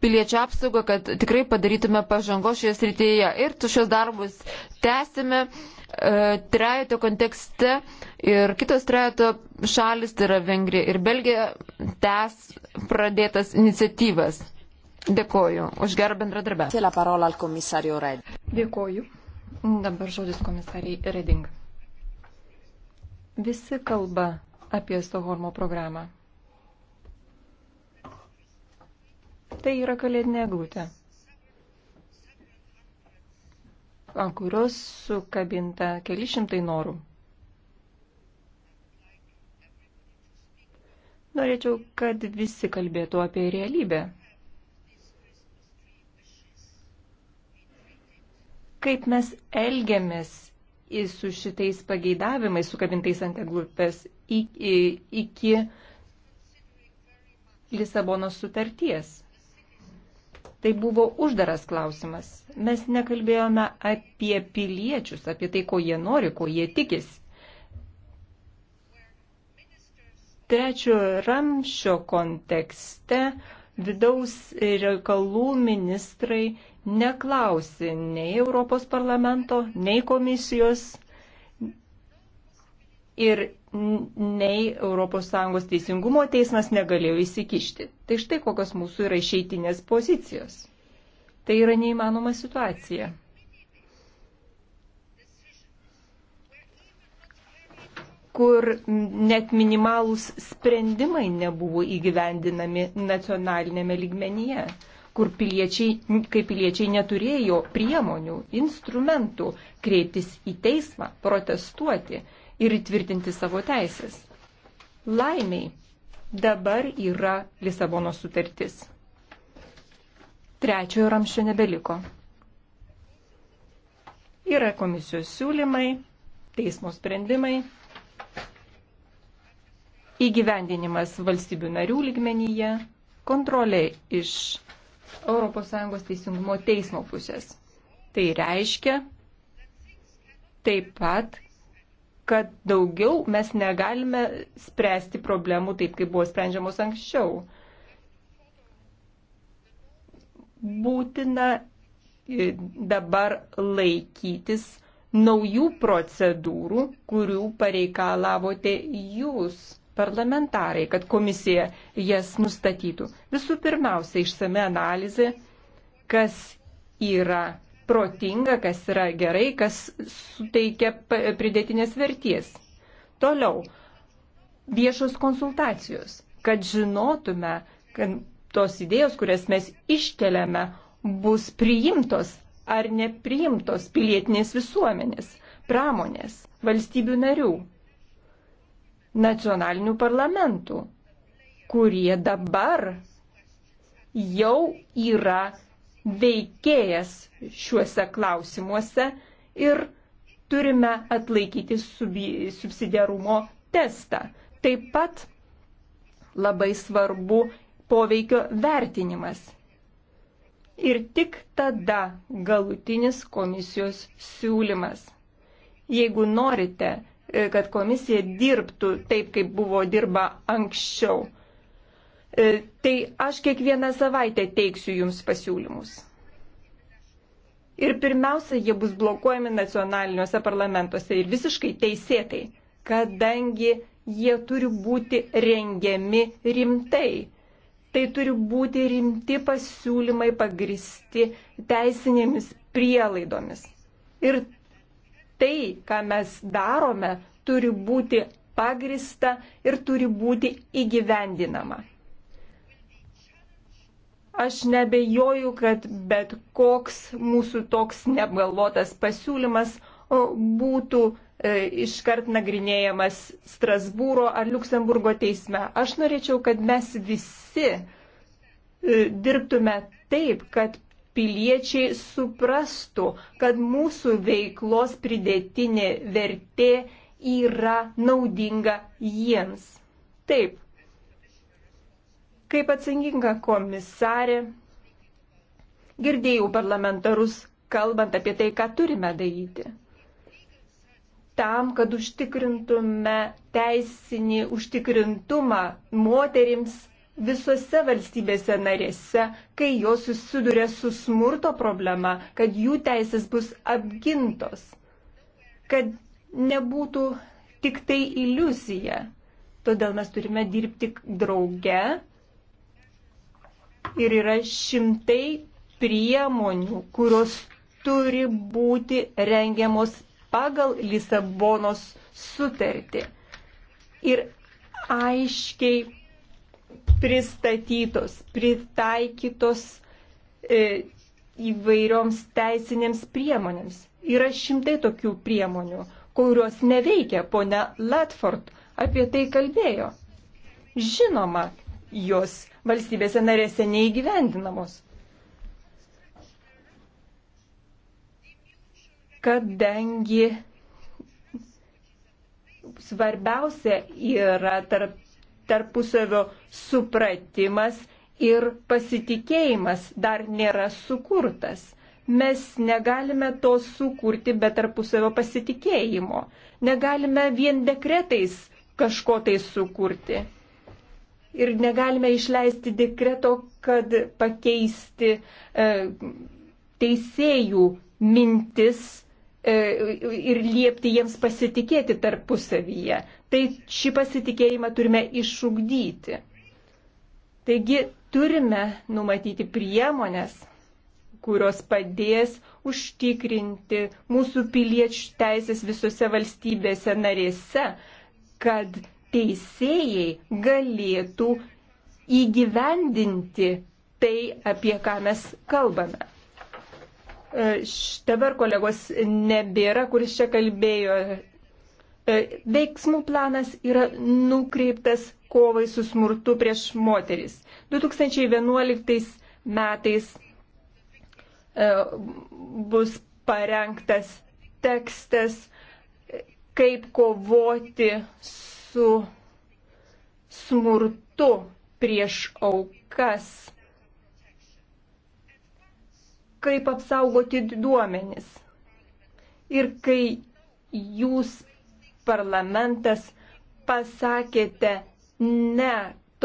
piliečių apsaugą, kad tikrai padarytume pažangos šioje srityje. Ir tu šios darbus tęsime trejato kontekste ir kitos trejato šalis, tai yra Vengrija ir Belgija, tęs pradėtas iniciatyvas. Dėkoju už gerą bendradarbiavimą. Kėlė parolą al komisario Red. Dėkoju. Dabar žodis komisariai Reding. Visi kalba apie Stokholmo programą. Tai yra kalėdinė glūtė. ant kurios sukabinta keli šimtai norų. Norėčiau, kad visi kalbėtų apie realybę. Kaip mes elgiamės su šitais pageidavimais, sukabintais ant eglutės iki, iki Lisabonos sutarties tai buvo uždaras klausimas. Mes nekalbėjome apie piliečius, apie tai, ko jie nori, ko jie tikis. Trečio ramšio kontekste vidaus reikalų ministrai neklausė nei Europos parlamento, nei komisijos ir nei ES teisingumo teismas negalėjo įsikišti. Tai štai kokios mūsų yra išeitinės pozicijos. Tai yra neįmanoma situacija. kur net minimalūs sprendimai nebuvo įgyvendinami nacionalinėme lygmenyje, kur piliečiai, kaip piliečiai neturėjo priemonių, instrumentų kreiptis į teismą, protestuoti, ir įtvirtinti savo teisės. Laimiai dabar yra Lisabono sutartis. Trečiojo ramščio nebeliko. Yra komisijos siūlymai, teismo sprendimai, įgyvendinimas valstybių narių lygmenyje, kontrolė iš ES teisingumo teismo pusės. Tai reiškia taip pat, kad daugiau mes negalime spręsti problemų taip, kaip buvo sprendžiamos anksčiau. Būtina e, dabar laikytis naujų procedūrų, kurių pareikalavote jūs, parlamentarai, kad komisija jas nustatytų. Visų pirmiausia, išsame analizė, kas yra protinga, kas yra gerai, kas suteikia pridėtinės verties. Toliau, viešos konsultacijos, kad žinotume, kad tos idėjos, kurias mes iškeliame, bus priimtos ar nepriimtos pilietinės visuomenės, pramonės, valstybių narių, nacionalinių parlamentų, kurie dabar jau yra veikėjas šiuose klausimuose ir turime atlaikyti subsidiarumo testą. Taip pat labai svarbu poveikio vertinimas. Ir tik tada galutinis komisijos siūlymas. Jeigu norite, e, kad komisija dirbtų taip, kaip buvo dirba anksčiau, E, tai aš kiekvieną savaitę teiksiu jums pasiūlymus. Ir pirmiausia, jie bus blokuojami nacionaliniuose parlamentuose ir visiškai teisėtai, kadangi jie turi būti rengiami rimtai. Tai turi būti rimti pasiūlymai pagristi teisinėmis prielaidomis. Ir tai, ką mes darome, turi būti pagrista ir turi būti įgyvendinama. Aš nebejoju, kad bet koks mūsų toks neapgalvotas pasiūlymas būtų e, iškart nagrinėjamas Strasbūro ar Luksemburgo teisme. Aš norėčiau, kad mes visi e, dirbtume taip, kad piliečiai suprastų, kad mūsų veiklos pridėtinė vertė yra naudinga jiems. Taip, Kaip atsinginga komisarė, girdėjau parlamentarus kalbant apie tai, ką turime daryti. Tam, kad užtikrintume teisinį užtikrintumą moterims visose valstybėse narėse, kai jos susiduria su smurto problema, kad jų teisės bus apgintos, kad nebūtų tik tai iliuzija. Todėl mes turime dirbti drauge ir yra šimtai priemonių, kurios turi būti rengiamos pagal Lisabonos sutartį. Ir aiškiai pristatytos, pritaikytos e, įvairioms teisinėms priemonėms. Yra šimtai tokių priemonių, kurios neveikia, ponia Latford apie tai kalbėjo. Žinoma, jos valstybėse narėse neįgyvendinamos. Kadangi svarbiausia yra tarp, tarpusavio supratimas ir pasitikėjimas dar nėra sukurtas. Mes negalime to sukurti be tarpusavio pasitikėjimo. Negalime vien dekretais kažko tai sukurti ir negalime išleisti dekreto, kad pakeisti e, teisėjų mintis e, ir liepti jiems pasitikėti tarpusavyje. Tai šį pasitikėjimą turime išugdyti. Taigi turime numatyti priemonės, kurios padės užtikrinti mūsų piliečių teisės visose valstybėse narėse, kad teisėjai galėtų įgyvendinti tai, apie ką mes kalbame. E, dabar kolegos nebėra, kuris čia kalbėjo. E, veiksmų planas yra nukreiptas kovai su smurtu prieš moteris. 2011 metais e, bus parengtas tekstas, kaip kovoti su su smurtu prieš aukas kaip apsaugoti duomenis. Ir kai jūs parlamentas pasakėte ne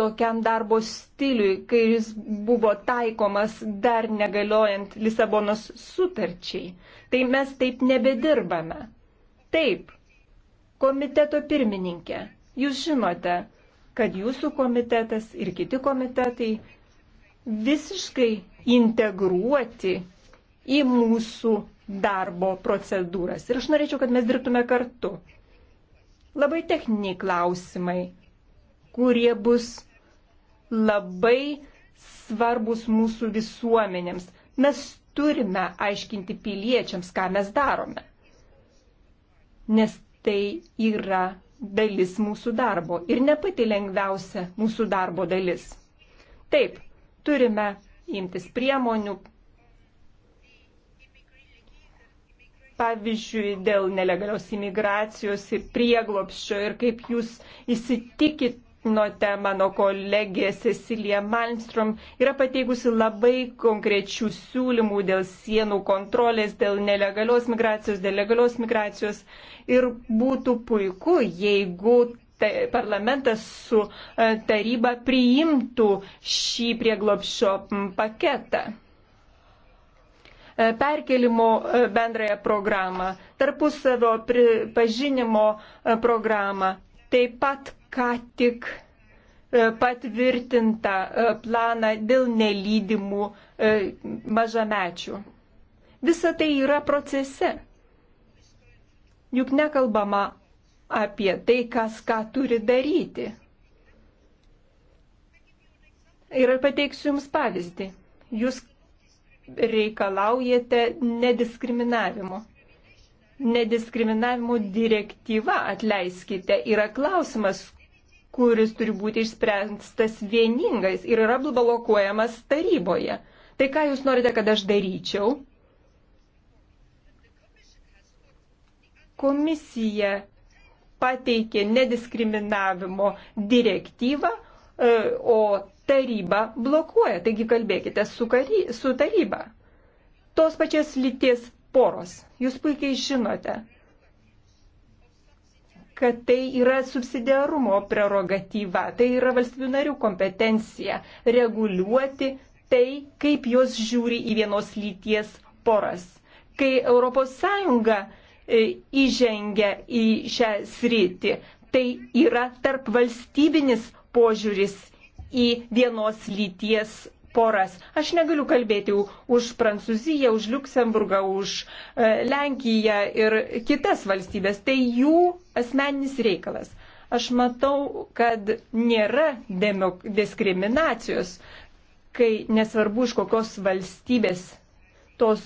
tokiam darbo stiliui, kai jis buvo taikomas dar negaliojant Lisabonos sutarčiai, tai mes taip nebedirbame. Taip, komiteto pirmininkė, Jūs žinote, kad jūsų komitetas ir kiti komitetai visiškai integruoti į mūsų darbo procedūras. Ir aš norėčiau, kad mes dirbtume kartu. Labai techniniai klausimai, kurie bus labai svarbus mūsų visuomenėms. Mes turime aiškinti piliečiams, ką mes darome. Nes tai yra dalis mūsų darbo ir ne pati lengviausia mūsų darbo dalis. Taip, turime imtis priemonių, pavyzdžiui, dėl nelegalios imigracijos ir prieglopščio ir kaip jūs įsitikit, patvirtinote, mano kolegė Cecilija Malmstrom yra pateikusi labai konkrečių siūlymų dėl sienų kontrolės, dėl nelegalios migracijos, dėl legalios migracijos. Ir būtų puiku, jeigu tai parlamentas su e, taryba priimtų šį prieglopšio paketą e, perkelimo e, bendrąją programą, tarpusavio pripažinimo programą, taip pat ką tik e, patvirtintą e, planą dėl nelydimų e, mažamečių. Visa tai yra procese. Juk nekalbama apie tai, kas ką turi daryti. Ir pateiksiu Jums pavyzdį. Jūs reikalaujate nediskriminavimo. Nediskriminavimo direktyva, atleiskite, yra klausimas, kuris turi būti išspręstas vieningais ir yra blokuojamas taryboje. Tai ką jūs norite, kad aš daryčiau? Komisija pateikė nediskriminavimo direktyvą, e, o taryba blokuoja. Taigi kalbėkite su, kary, su taryba. Tos pačias lyties poros. Jūs puikiai žinote, kad tai yra subsidiarumo prerogatyva, tai yra valstybių narių kompetencija reguliuoti tai, kaip jos žiūri į vienos lyties poras. Kai ES e, įžengia į šią sritį, tai yra tarp valstybinis požiūris į vienos lyties poras. Aš negaliu kalbėti už Prancūziją, už Luksemburgą, už e, Lenkiją ir kitas valstybės. Tai jų asmeninis reikalas. Aš matau, kad nėra diskriminacijos, kai nesvarbu, iš kokios valstybės tos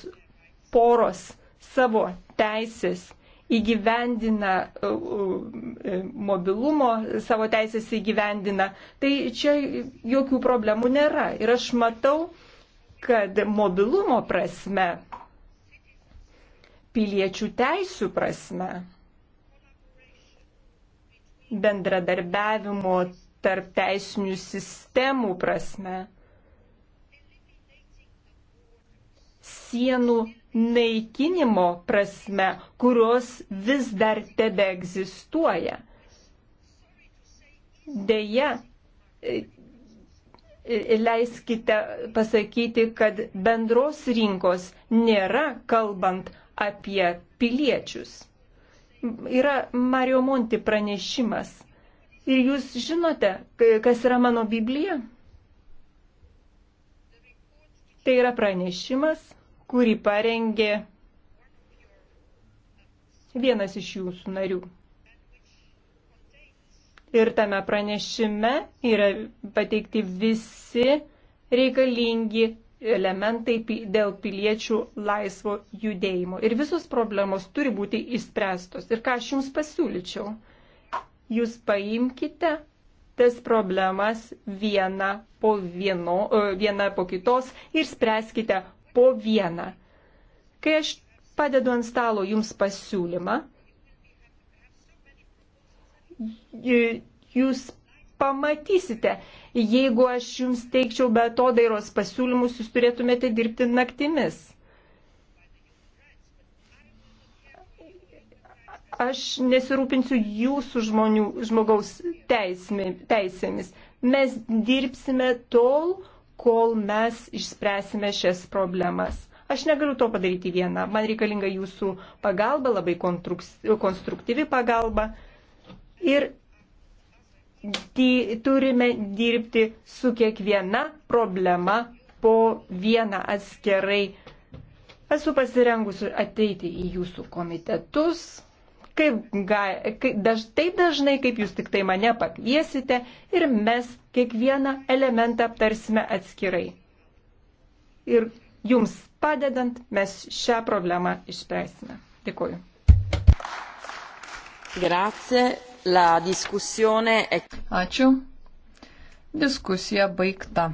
poros savo teisės įgyvendina e, e, mobilumo, savo teisės įgyvendina, tai čia jokių problemų nėra. Ir aš matau, kad mobilumo prasme, piliečių teisų prasme, bendradarbiavimo tarp teisinių sistemų prasme, sienų naikinimo prasme, kurios vis dar tebe egzistuoja. Deja, e, e, leiskite pasakyti, kad bendros rinkos nėra kalbant apie piliečius. Yra Mario Monti pranešimas. Ir jūs žinote, kas yra mano Biblija? Tai yra pranešimas kurį parengė vienas iš jūsų narių. Ir tame pranešime yra pateikti visi reikalingi elementai dėl piliečių laisvo judėjimo. Ir visos problemos turi būti įspręstos. Ir ką aš jums pasiūlyčiau? Jūs paimkite tas problemas vieną po, vieno, vieną po kitos ir spręskite po vieną. Kai aš padedu ant stalo jums pasiūlymą, jūs pamatysite, jeigu aš jums teikčiau be to dairos pasiūlymus, jūs turėtumėte dirbti naktimis. Aš nesirūpinsiu jūsų žmonių, žmogaus teismi, teisėmis. Mes dirbsime tol, kol mes išspręsime šias problemas. Aš negaliu to padaryti viena. Man reikalinga jūsų pagalba, labai konstruktyvi pagalba. Ir di turime dirbti su kiekviena problema po vieną atskirai. Esu pasirengusi ateiti į jūsų komitetus kaip, ga, kaip daž, taip dažnai, kaip jūs tik tai mane pakviesite ir mes kiekvieną elementą aptarsime atskirai. Ir jums padedant mes šią problemą išspręsime. Dėkuoju. Grazie. La diskusione è... Ačiū. Diskusija baigta.